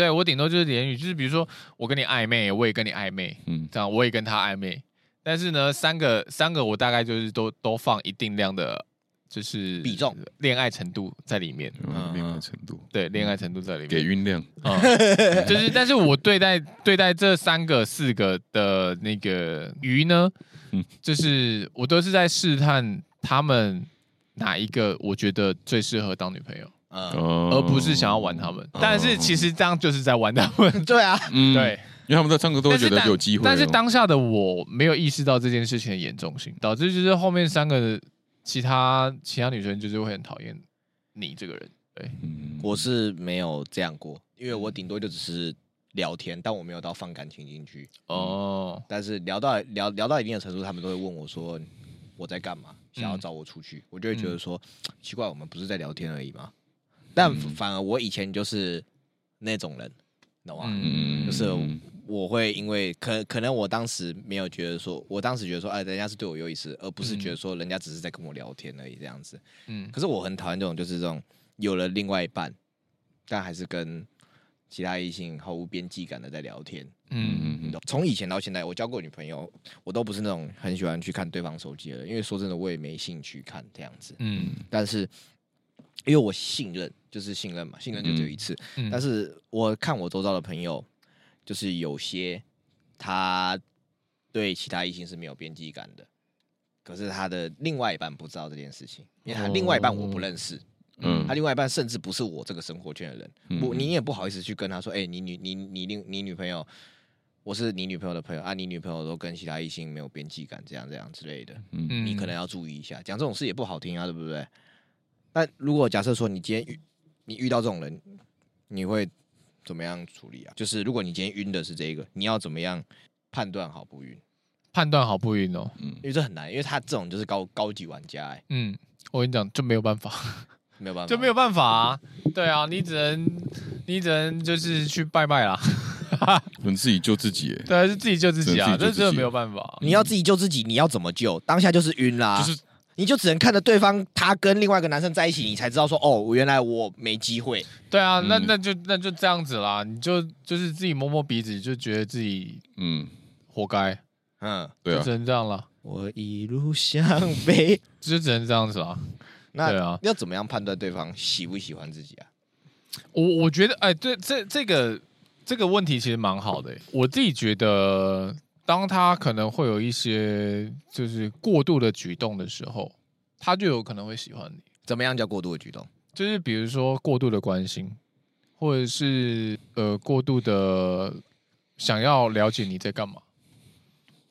對，我頂多就是言語，就是比如說我跟你曖昧，我也跟你曖昧，嗯，這樣我也跟他曖昧，但是呢，三個三個我大概就是都都放一定量的，就是比重戀愛程度在裡面，戀愛程度、啊、對戀愛程度在裡面給醞釀、啊，就是但是我對待對待這三個四個的那個魚呢，嗯、就是我都是在試探他們哪一個我覺得最適合當女朋友。嗯，而不是想要玩他們、嗯，但是其實這樣就是在玩他們。嗯、 對啊、嗯，對，因為他們在唱歌都會覺得有機會、哦，但。但是當下的我沒有意識到這件事情的嚴重性，導致就是後面三個其他其他女生就是會很討厭你這個人。對，我是沒有這樣過，因為我頂多就只是聊天，但我沒有到放感情進去。哦、嗯，但是聊到聊聊到一定的程度，他們都會問我說我在幹嘛，想要找我出去，嗯、我就會覺得說、嗯、奇怪，我們不是在聊天而已嗎？但反而我以前就是那種人，懂嗎？就是我會因為可可能我當時沒有覺得說，我當時覺得說，哎、啊，人家是對我有意思，而不是覺得說人家只是在跟我聊天而已這樣子。嗯，可是我很討厭這種，就是這種有了另外一半，但還是跟其他異性毫無邊際感的在聊天。嗯嗯嗯，從以前到現在，我交過女朋友，我都不是那種很喜歡去看對方手機的人，因為說真的，我也沒興趣看這樣子。嗯，但是。因為我信任，就是信任嘛，信任就只有一次。嗯嗯、但是我看我周遭的朋友，就是有些他對其他異性是沒有邊界感的，可是他的另外一半不知道這件事情，因為他另外一半我不認識，哦、嗯，他另外一半甚至不是我這個生活圈的人，我、嗯、你也不好意思去跟他說，哎、欸，你女你你另你，你女朋友，我是你女朋友的朋友啊，你女朋友都跟其他異性沒有邊界感，這樣這樣之類的，嗯，你可能要注意一下，講這種事也不好聽啊，對不對？那如果假設說你今天遇你遇到這種人，你會怎麼樣處理啊？就是如果你今天暈的是這個，你要怎麼樣判斷好不暈？判斷好不暈哦、嗯，因為這很難，因為他這種就是高高級玩家哎、欸。嗯，我跟你講就沒有辦法，沒有辦法，就沒有辦法啊。對啊，你只能你只能就是去拜拜啦，我們 自己救自己、欸。對，是自己救自己啊，這真的沒有辦法、嗯。你要自己救自己，你要怎麼救？當下就是暈啦，就是。你就只能看着對方，他跟另外一個男生在一起，你才知道說，哦，原來我沒機會。對啊，那那就那就這樣子啦，你就就是自己摸摸鼻子，就覺得自己嗯，活該，嗯，對啊，只能這樣了。我一路向北， 就只能這樣子啦。 那對啊，要怎麼樣判斷對方喜不喜歡自己啊？我我覺得，哎，對，這這這個這個問題其實蠻好的、欸，我自己覺得。當他可能會有一些就是過度的舉動的時候，他就有可能會喜歡你。怎麼樣叫過度的舉動？就是比如說過度的關心，或者是呃過度的想要了解你在幹嘛。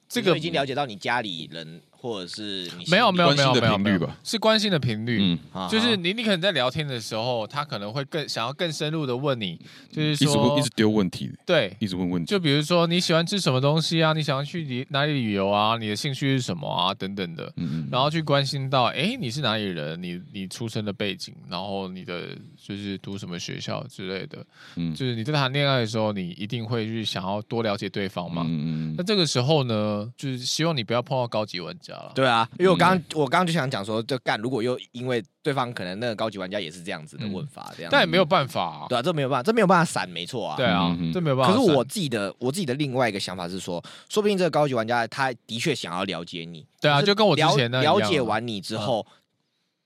這個已經了解到你家裡人。或者是你沒有沒有沒有沒有，是關心的頻率，嗯，就是你你可能在聊天的時候，他可能會更想要更深入的問你，就是說、嗯、一直丟問、問題，對，一直問問題，就比如說你喜歡吃什麼東西啊，你想要去哪裡旅遊啊，你的興趣是什麼啊，等等的，嗯然後去關心到，哎、欸，你是哪裡人，你你出生的背景，然後你的就是讀什麼學校之類的，嗯、就是你在談戀愛的時候，你一定會去想要多了解對方嘛，嗯，那這個時候呢，就是希望你不要碰到高級問題。對啊，因為我剛、嗯、我剛剛就想講說，就幹，如果又因為對方可能那個高級玩家也是這樣子的問法，嗯、這樣，但也沒有辦法、啊，對啊，這沒有辦法，這沒有辦法閃，沒錯啊，對啊，嗯嗯，這沒有辦法。可是我自己的我自己的另外一個想法是說，說不定這個高級玩家他的確想要了解你，對啊，就跟我之前了解完你之後，嗯、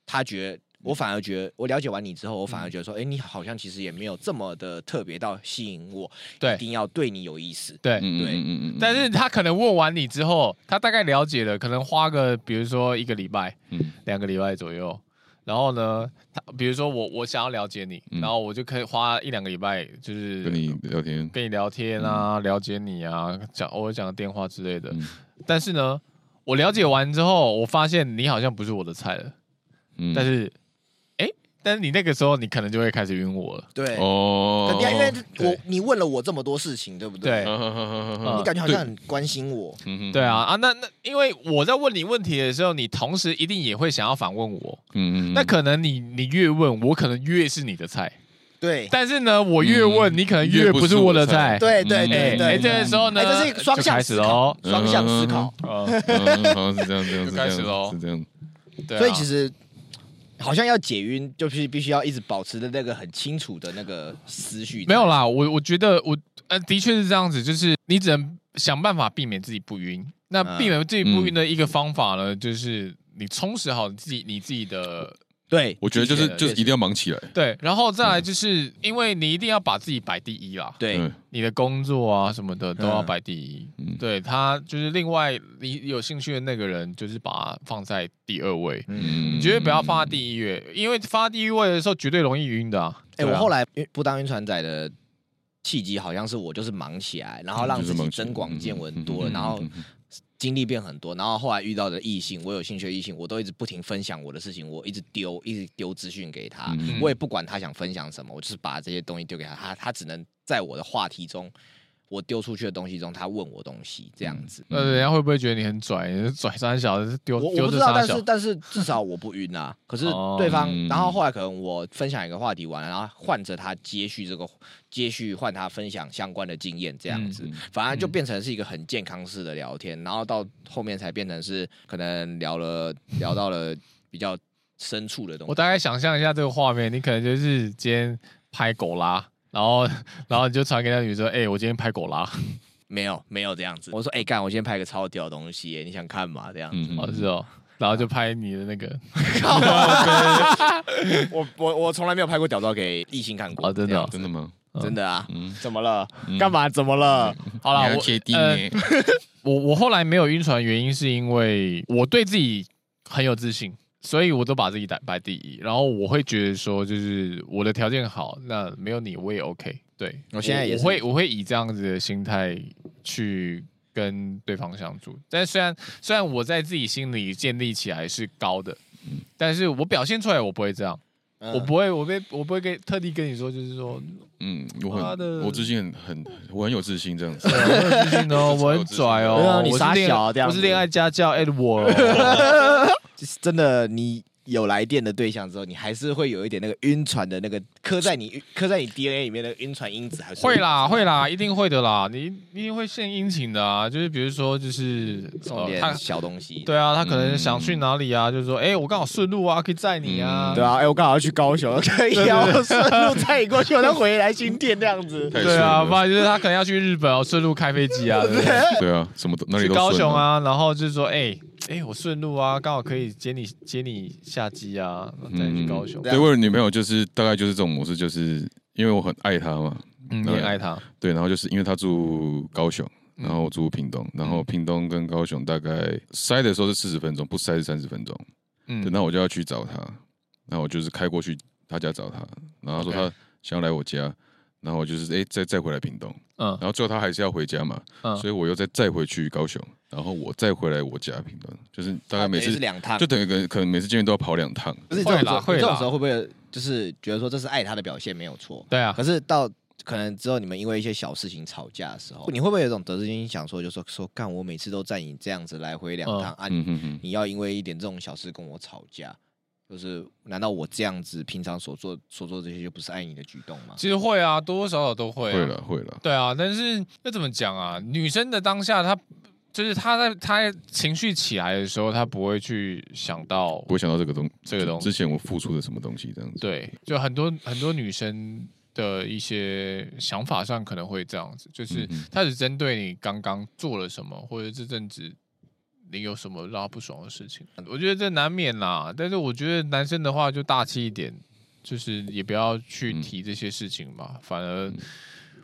他覺得。我反而覺得，我了解完你之後，我反而覺得說，哎、嗯欸，你好像其實也沒有這麼的特別到吸引我，對，一定要對你有意思，對，對，嗯嗯，嗯，嗯，嗯。但是他可能問完你之後，他大概了解了，可能花個，比如說一個禮拜，兩、嗯、個禮拜左右。然後呢，他比如說我我想要了解你、嗯，然後我就可以花一兩個禮拜，就是跟你聊天，跟你聊天啊，嗯、了解你啊，講偶爾講個電話之類的、嗯。但是呢，我了解完之後，我發現你好像不是我的菜了，嗯、但是。但是你那個時候，你可能就會開始暈我了對。對哦，對啊、哦，因為我你問了我這麼多事情，對不對？對，嗯、你感覺好像很關心我。對，、嗯、對啊啊，那那因為我在問你問題的時候，你同時一定也會想要反問我。嗯嗯，那可能你你越問我，可能越是你的菜。對，但是呢，我越問、嗯、你，可能越不是我的菜。的菜，對對對對，哎、欸，這個時候呢，這是雙向開始哦，雙向、欸欸欸欸欸、思考。哦、嗯嗯嗯嗯， 是這樣，這樣，這樣，是這樣。對，所以其實。好像要解暈，就是必須要一直保持着那個很清楚的那個思緒。沒有啦，我我覺得我呃、啊，的確是這樣子，就是你只能想辦法避免自己不暈，啊。那避免自己不暈的一個方法呢，嗯，就是你充實好自己，你自己的。對，我覺得就是，是就是一定要忙起來。對，然後再來就是、嗯、因為你一定要把自己擺第一啦，對，你的工作啊什麼的都要擺第一。嗯、對他就是另外你有興趣的那個人，就是把他放在第二位，嗯，你絕對不要放在第一位、嗯，因為放在第一位的時候絕對容易暈的啊。哎、啊欸，我後來不當暈船仔的契機好像是我就是忙起來，然後讓自己增廣見聞多了，嗯就是、然後。經歷變很多，然後後來遇到的異性，我有興趣的異性，我都一直不停分享我的事情，我一直丟一直丟資訊給他、嗯，我也不管他想分享什麼，我就是把這些東西丟給他，他他只能在我的話題中，我丟出去的東西中，他問我東西這樣子，嗯、那人家會不會覺得你很拽？拽三小是丟我，我不知道，但是但是至少我不暈啊。 可是對方，然後後來可能我分享一個話題完了，然後換着他接續這個接續，換他分享相關的經驗這樣子，嗯、反而就變成是一個很健康式的聊天。嗯、然後到後面才變成是可能聊了 聊到了比較深處的東西。我大概想象一下這個畫面，你可能就是今天拍狗啦。然後，然後你就傳給那個女生，哎、欸，我今天拍狗啦，沒有，沒有這樣子。我說，哎、欸，幹，我今天拍個超屌的東西，你想看嘛，這樣，子，哦、嗯嗯，是哦。然後就拍你的那個，啊、 我我我從來沒有拍過屌照給異性看過，啊、真的、哦欸，真的嗎？真的啊，嗯，怎麼了？嗯、幹嘛？怎麼了？嗯、好了，我，呃、我我後來沒有暈船的原因是因為我對自己很有自信。所以，我都把自己打擺第一，然後我會覺得說，就是我的條件好，那沒有你我也 OK 對。對我現在也是我我會，我會以這樣子的心態去跟對方相處。但雖然雖然我在自己心裡建立起來是高的，但是我表現出來我不會這樣，嗯、我不會，我被，我不會跟特地跟你說，就是說，嗯，我很，我自信很很，我很有自信這樣子， 啊、我有自信哦、喔， 我很拽爽哦、喔 啊啊，我是戀愛家教 Edward。 就是真的，你有來電的對象之後，你還是會有一點那個暈船的那個刻在你刻在你 DNA 裡面的暈船因子，還是會啦，會啦，一定會的啦，你，你一定會獻殷勤的啊。就是比如說，就是送點小東西。對啊，他可能想去哪裡啊？嗯、就是說，哎、欸，我剛好順路啊，可以載你啊、嗯。對啊，哎、欸，我剛好要去高雄，可以啊，順路載你過去，我再回來新店這樣子。對啊，不然就是他可能要去日本啊，順路開飛機啊對對。對啊，什麼都，哪裡都高雄啊，然後就是說，哎、欸。哎、欸，我順路啊，剛好可以接你接你下機啊，帶你去高雄，嗯。對，我的女朋友就是大概就是這種模式，就是因為我很愛她嘛，嗯，你很愛她。對，然後就是因為她住高雄，然後我住屏東，然後屏東跟高雄大概塞的時候是四十分鐘，不塞是三十分鐘。嗯，那我就要去找她，那我就是開過去她家找她，然後他說她想要來我家。然後我就是哎、欸，再再回來屏東，嗯，然後最後他還是要回家嘛，嗯，所以我又再再回去高雄，然後我再回來我家屏東，就是大概每次、啊、是兩趟，就等於可,可能每次見面都要跑兩趟。可是這,種這種時候會不會就是覺得說這是愛他的表現沒有錯？對啊。可是到可能之後你們因為一些小事情吵架的時候，你會不會有種得之心想說,就是說，就說說看我每次都在你這樣子來回兩趟，嗯、啊你，你、嗯、你要因為一點這種小事跟我吵架？就是，難道我這樣子平常所做所做這些就不是愛你的舉動嗎？其實會啊，多多少少都會、啊。會了，會了。對啊，但是那怎麼講啊？女生的當下，她就是她在她在情緒起來的時候，她不會去想到，不會想到這個東西這個東西。之前我付出的什麼東西，這樣子。對，就很多很多女生的一些想法上可能會這樣子，就是、嗯、她只針對你剛剛做了什麼，或者這陣子。你有什麼讓他不爽的事情？我覺得這難免啦，但是我覺得男生的話就大氣一點，就是也不要去提這些事情嘛。反而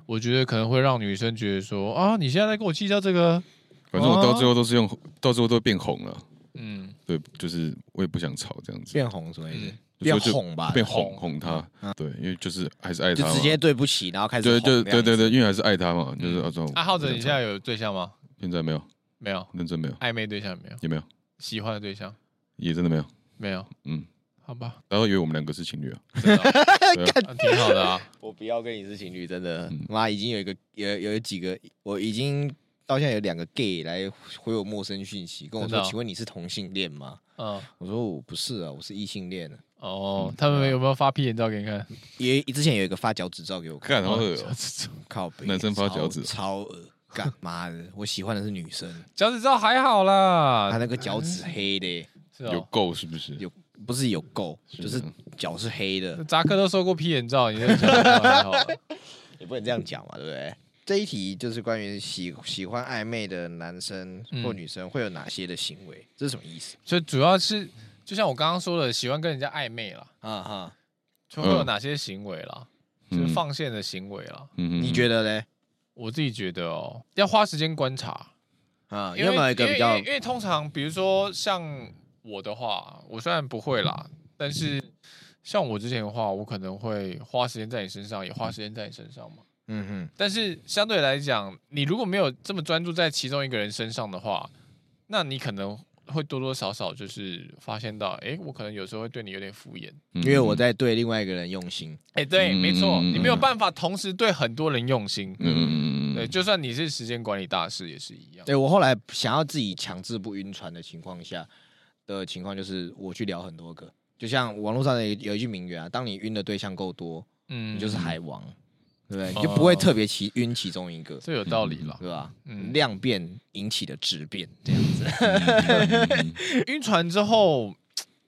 我覺得可能會讓女生覺得說啊，你現在在跟我計較這個，啊，反正我到最後都是用，到最後都變紅了。嗯，對，就是我也不想吵這樣子。變紅什麼意思？變哄吧，變哄哄他。對，因為就是還是愛他，直接對不起，然後開始對，對對對對，因為還是愛他嘛，就是這種。啊浩子，你現在有對象嗎？現在沒有。沒有，認真沒有曖昧對象沒有，有沒有喜歡的對象，也真的沒有，沒有，嗯，好吧，然後以為我們兩個是情侶啊，真的哦、 對啊 挺好的啊，我不要跟你是情侶，真的，媽、嗯嗯，已經有一個，有有幾個，我已經到現在有兩個 gay 來回我陌生訊息，跟我說真的、哦，請問你是同性戀嗎？嗯，我說我不是啊，我是異性戀、啊、哦、嗯，他們有沒有發屁眼照給你看？也之前有一個發腳趾照給我看，然後腳趾照靠北，男生發腳趾，超惡。超幹嘛的？我喜歡的是女生，腳趾照還好啦。他那個腳趾黑的、嗯哦，有垢是不是？有不是有垢、哦，就是腳是黑的。扎、嗯、克都說過，P 眼罩，你這個腳趾照還好 也不能這樣講嘛，對不對？這一題就是關於喜喜歡曖昧的男生或女生會有哪些的行為，嗯、這是什麼意思？所以主要是就像我剛剛說的，喜歡跟人家曖昧了，啊哈、啊，就會有哪些行為了、嗯，就是放線的行為了、嗯，你覺得呢？我自己覺得哦，要花時間觀察啊，因為比較因為因為，因為通常比如說像我的話，我雖然不會啦，但是像我之前的話，我可能會花時間在你身上，也花時間在你身上嘛，嗯哼。但是相對來講，你如果沒有這麼專注在其中一個人身上的話，那你可能。會多多少少就是發現到，哎，我可能有時候會對你有點敷衍，因為我在對另外一個人用心。哎、嗯，對，沒錯、嗯，你沒有辦法同時對很多人用心。嗯嗯嗯嗯。對，就算你是時間管理大師也是一樣。對，我後來想要自己強制不暈船的情況下的情況，就是我去聊很多個，就像網絡上的有一句名言啊，當你暈的對象夠多，嗯，你就是海王。對，你就不會特別其暈、哦，其中一個，這有道理了，對吧？嗯，量變引起的質變這樣子。暈、嗯、 船之後，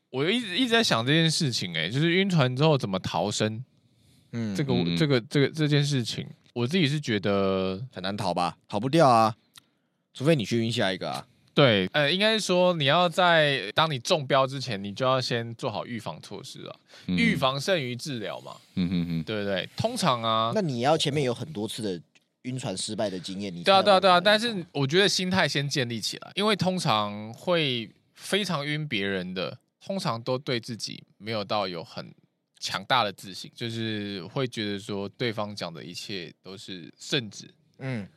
我就一直一直在想這件事情、欸，哎，就是暈船之後怎麼逃生？嗯，這個嗯嗯這個這個這件事情，我自己是覺得很難逃吧，逃不掉啊，除非你去暈下一個啊。對，呃，應該說你要在當你中標之前，你就要先做好預防措施了，預、嗯、防勝於治療嘛。嗯嗯嗯，對，對對，通常啊，那你要前面有很多次的暈船失敗的經驗，你對啊對啊對啊，但是我覺得心態先建立起來、嗯，因為通常會非常暈別人的，通常都對自己沒有到有很強大的自信，就是會覺得說對方講的一切都是聖旨，嗯。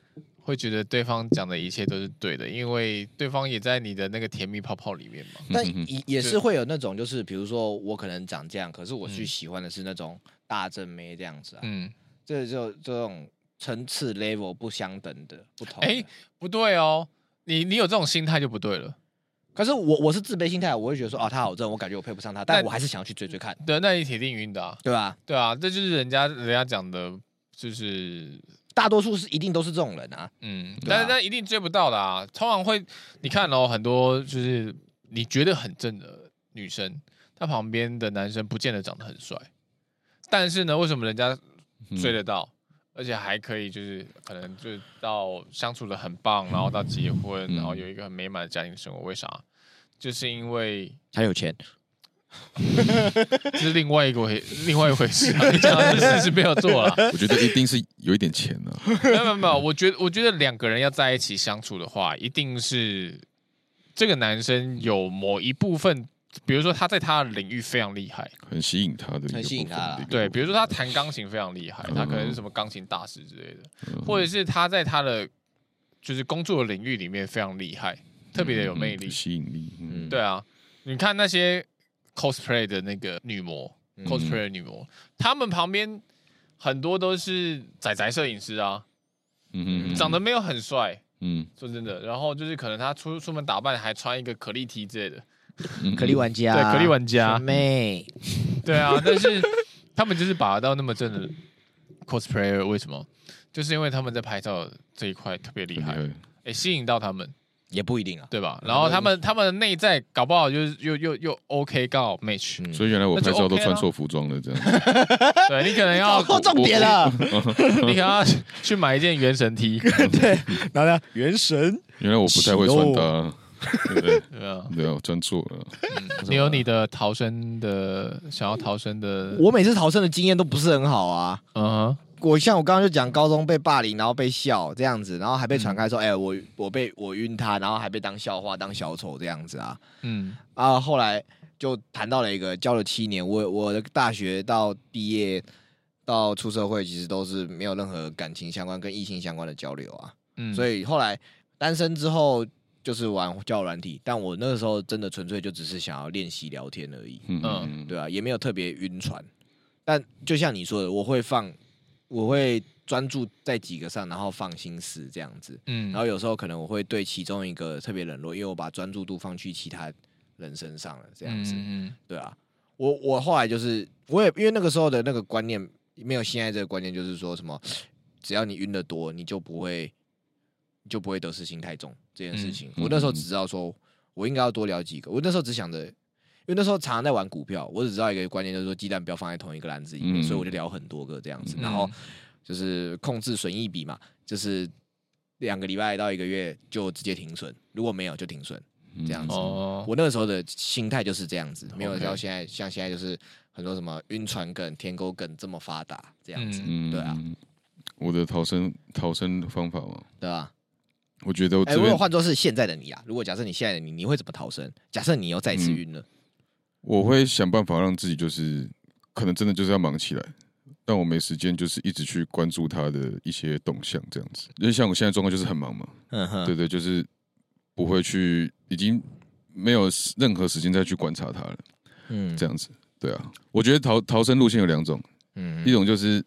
會覺得對方講的一切都是對的，因為對方也在你的那個甜蜜泡泡裡面嘛。但也也是會有那種，就是比如說我可能長這樣，可是我去喜歡的是那種大正妹這樣子啊。嗯，這就這種層次 level 不相等的不同的。哎、欸，不對哦，你你有這種心態就不對了。可是我我是自卑心態，我會覺得說啊，他好正，我感覺我配不上他但，但我還是想要去追追看。對，那你鐵定暈的，對吧？對啊，這就是人家人家講的，就是。大多數是一定都是這種人啊，嗯，啊、但但一定追不到的啊，通常會你看哦，很多就是你覺得很正的女生，她旁邊的男生不見得長得很帥，但是呢，為什麼人家追得到？嗯，而且還可以就是可能就到相處得很棒，然後到結婚，嗯，然後有一個很美滿的家庭生活，為啥、啊？就是因為他有錢。 這是另外一個，另外一回事啊。你講的事是沒有做了，我覺得一定是有一點錢呢。沒有沒有沒有，我覺得我覺得兩個人要在一起相處的話，一定是這個男生有某一部分，比如說他在他的領域非常厲害，很吸引他的，很吸引他。對，比如說他彈鋼琴非常厲害，他可能是什麼鋼琴大師之類的，或者是他在他的就是工作的領域裡面非常厲害，特別的有魅力、吸引力。嗯，對啊，你看那些。cosplay 的那個女模，cosplay 的女模，她、嗯嗯、們旁邊很多都是宅宅攝影師啊，嗯哼、嗯嗯嗯，長得沒有很帥，嗯，說真的，然後就是可能她出出門打扮還穿一個可莉 T 之類的，可莉玩家，對，可莉玩家，學妹，對啊，但是 他們就是把到那麼正的 cosplayer，為什麼？就是因為他們在拍照這一塊特別厲害，哎、欸，吸引到他們。也不一定啊，對吧？然後他們、嗯、他們內在搞不好就是又又又，又 OK，剛好 match。所以原來我拍照都穿錯服裝了，這樣。OK 啊、 對你可能要，搞錯重點了。 你可能要去買一件《原神》T，對。然後呢，《原神》原來我不太會穿搭，對不對？ 對啊 對啊、我穿錯了、嗯、 你有你的逃生的，想要逃生的。我每次逃生的經驗都不是很好啊，嗯。嗯我像我剛剛就講高中被霸凌，然後被笑這樣子，然後還被傳開說，哎、嗯欸，我我被我暈他，然後還被當笑話當小丑這樣子啊。嗯，啊，後來就談到了一個交了七年，我我的大學到畢業到出社會，其實都是沒有任何感情相關跟異性相關的交流啊。嗯，所以後來單身之後就是玩交友軟體，但我那個時候真的純粹就只是想要練習聊天而已。嗯，嗯，對啊，也沒有特別暈船，但就像你說的，我會放。我會專注在幾個上，然後放心思這樣子，嗯，然後有時候可能我會對其中一個特別冷落，因為我把專注度放去其他人身上了，這樣子，嗯嗯對啊，我我後來就是，我也因為那個時候的那個觀念沒有現在這個觀念，就是說什麼只要你暈得多，你就不會，就不會得失心太重這件事情，嗯。我那時候只知道說我應該要多聊幾個，我那時候只想着。因為那時候常常在玩股票，我只知道一個觀念，就是說雞蛋不要放在同一個籃子裡面、嗯，所以我就聊很多個這樣子，嗯、然後就是控制損益比嘛，就是兩個禮拜到一個月就直接停損，如果沒有就停損這樣子、嗯呃。我那個時候的心態就是這樣子，沒有到現在、okay、像現在就是很多什麼暈船梗、舔狗梗這麼發達這樣子、嗯，對啊。我的逃生逃生方法嗎？對啊，我覺得，哎、欸，如果換作是現在的你啊，如果假設你現在的你，你會怎麼逃生？假設你又再次暈了？嗯我會想辦法讓自己就是，可能真的就是要忙起來，但我沒時間就是一直去關注他的一些動向這樣子。因為像我現在狀況就是很忙嘛，嗯哼，對對，就是不會去，已經沒有任何時間再去觀察他了，嗯，這樣子，對啊。我覺得逃逃生路線有兩種，嗯，一種就是，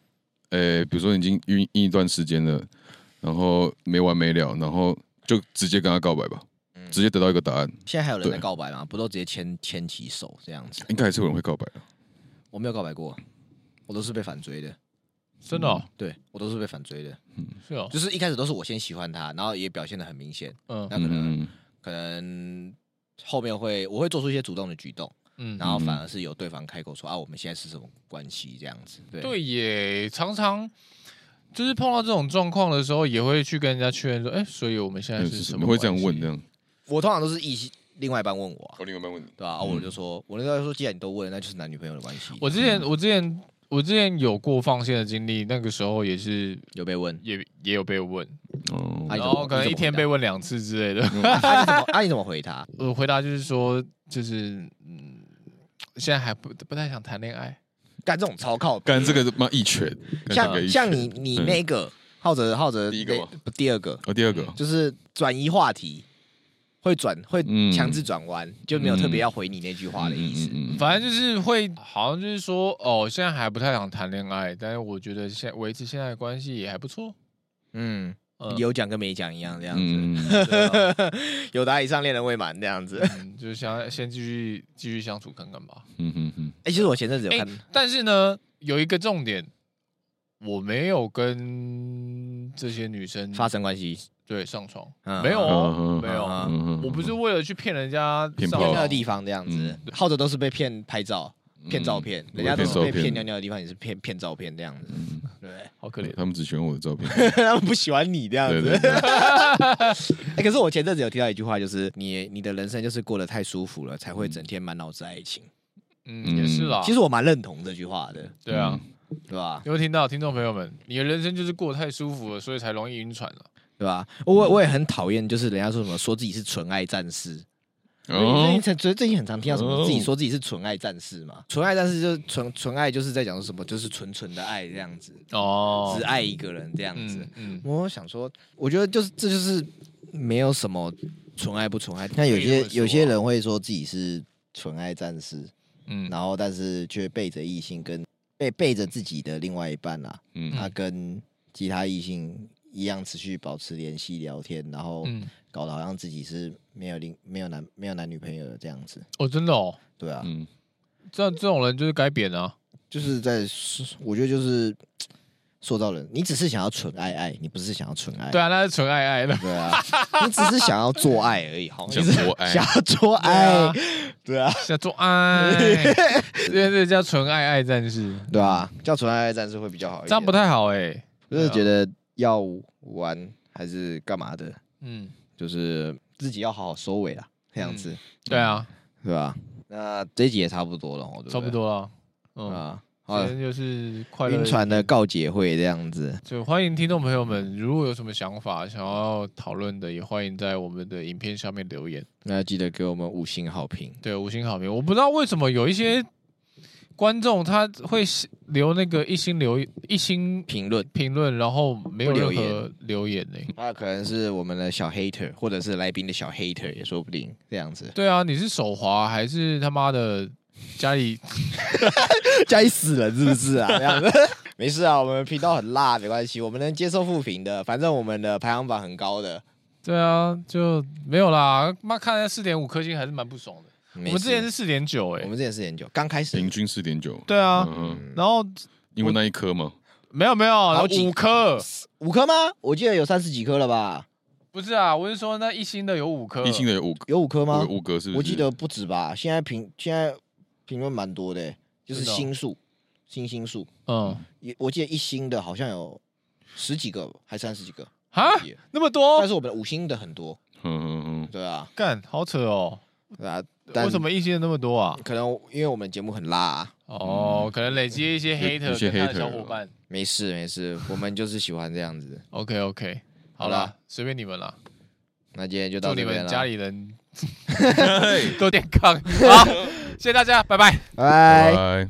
誒，比如說已經暈一段時間了，然後沒完沒了，然後就直接跟他告白吧。嗯、直接得到一個答案。現在還有人在告白嗎？不都直接牽牽起手這樣子？應該還是有人會告白。我沒有告白過，我都是被反追的。真的、哦嗯？對，我都是被反追的。嗯，是哦。就是一開始都是我先喜歡他，然後也表現得很明顯。嗯。那可能、嗯、可能後面會我會做出一些主動的舉動。嗯。然後反而是有對方開口說、嗯、啊，我們現在是什麼關係這樣子？對。對耶，常常就是碰到這種狀況的時候，也會去跟人家確認說，哎、欸，所以我們現在是什麼？你會這樣問這樣。我通常都是異性另外一半問我、啊，啊、另外一半問你，對吧？我就說，我那個說，既然你都問，那就是男女朋友的關係。我之前，嗯、我之前，我之前有過放線的經歷，那個時候也是有被問也，也也有被問，哦，可能一天被問兩次之類的、啊你怎麼？阿，你怎麼回他？我、 啊啊回， 呃、回答就是說，就是、嗯、現在還不不太想談戀愛，幹這種操靠，幹這個他媽一拳，像像你你那個、嗯、浩哲浩哲第一個不第二個，哦、第二個就是轉移話題。會轉，會強制轉彎、嗯，就沒有特別要回你那句話的意思。嗯嗯嗯嗯、反正就是會，好像就是說，哦，現在還不太想談戀愛，但是我覺得現維持現在的關係也還不錯、嗯。嗯，有講跟沒講一樣這樣子，嗯哦、友達以上戀人未滿這樣子，嗯、就是想先繼續繼續相處看看吧。嗯嗯嗯。哎、嗯，其、欸、實、就是、我前陣子有看、欸，但是呢，有一個重點。我沒有跟這些女生發生關係，對，上床、嗯、沒有、哦嗯嗯，沒有，啊、嗯嗯。我不是為了去騙人家尿尿的地方這樣子，後、嗯、者都是被騙拍照、騙照片、嗯，人家都是被騙尿尿的地方也是騙騙照片這樣子，對，好可憐，他們只喜歡我的照片， 他們不喜歡你這樣子。哎、 欸，可是我前陣子有提到一句話，就是你你的人生就是過得太舒服了，才會整天滿腦子愛情。嗯，嗯也是啊，其實我蠻認同這句話的。對啊。嗯對吧？有聽到聽眾朋友們，你的人生就是過得太舒服了，所以才容易暈船了、啊，對吧？我我也很討厭，就是人家說什麼說自己是純愛戰士，哦，最近很最近很常聽到什麼、哦、自己說自己是純愛戰士嘛？純愛戰士就是純純愛就，就是在講什麼就是純純的愛這樣子哦，只愛一個人這樣子嗯。嗯，我想說，我覺得就是這就是沒有什麼純愛不純愛，那有些有些人會說自己是純愛戰士，嗯，然後但是卻背着異性跟。背背着自己的另外一半啊，嗯，他跟其他異性一樣持續保持聯繫聊天，然後搞得好像自己是沒有沒有男沒有男女朋友的這樣子。哦，真的哦，對啊，嗯，這這種人就是該扁啊，就是在，我覺得就是。做到了，你只是想要純愛愛，你不是想要純愛，愛。對啊，那是純愛愛的。對啊， 你只是想要做愛而已，好，像是想做愛。對啊，想做愛。對， 這叫純愛愛戰士。對啊，叫純愛愛戰士會比較好一點、啊。這樣不太好哎、欸，就、啊、是覺得要玩還是幹嘛、啊啊、嘛的？嗯，就是自己要好好收尾了，這樣子、嗯。對啊，對啊，那這一集也差不多了對不對，我覺得差不多了，嗯。啊反正就是快樂暈船的告解會這樣子，就歡迎聽眾朋友們，如果有什麼想法想要討論的，也歡迎在我們的影片下面留言。那記得給我們五星好評。對，五星好評。我不知道為什麼有一些觀眾他會留那個一星留一星評論評論，然後沒有任何留言呢、欸？那、啊、可能是我們的小 hater，或者是來賓的小 hater 也說不定這樣子。對啊，你是手滑還是他媽的？家裡 家裡死人是不是啊？ 這樣子 沒事啊，我們頻道很辣，沒關係，我們能接受負評的，反正我們的排行榜很高的。對啊，就沒有啦，媽看來四點五顆星還是蠻不爽的。我們之前是四點九哎，我們之前四點九，剛開始平均四點九。對啊、嗯，然後因為那一顆嗎？沒有沒有，然後、啊、五顆五顆嗎？我記得有三十幾顆了吧？不是啊，我是說那一星的有五顆，一星的有五顆，有五顆嗎？是不是？我記得不止吧？現在平，現在。評論蠻多的、欸，就是星數、哦，星星數，嗯，我記得一星的好像有十幾個，還三十幾個，哈，那麼多，但是我們五星的很多，嗯嗯嗯，對啊，幹，好扯哦，對啊但，為什麼一星的那麼多啊？可能因為我們節目很拉、啊，哦、嗯，可能累積一些 hater、嗯，一些 hater 小伙伴，沒事沒事，我們就是喜歡這樣子 ，OK OK，好了，隨便你們了，那今天就到這邊了，祝你們家裡人。 多點看，好，謝謝大家，拜拜，拜拜。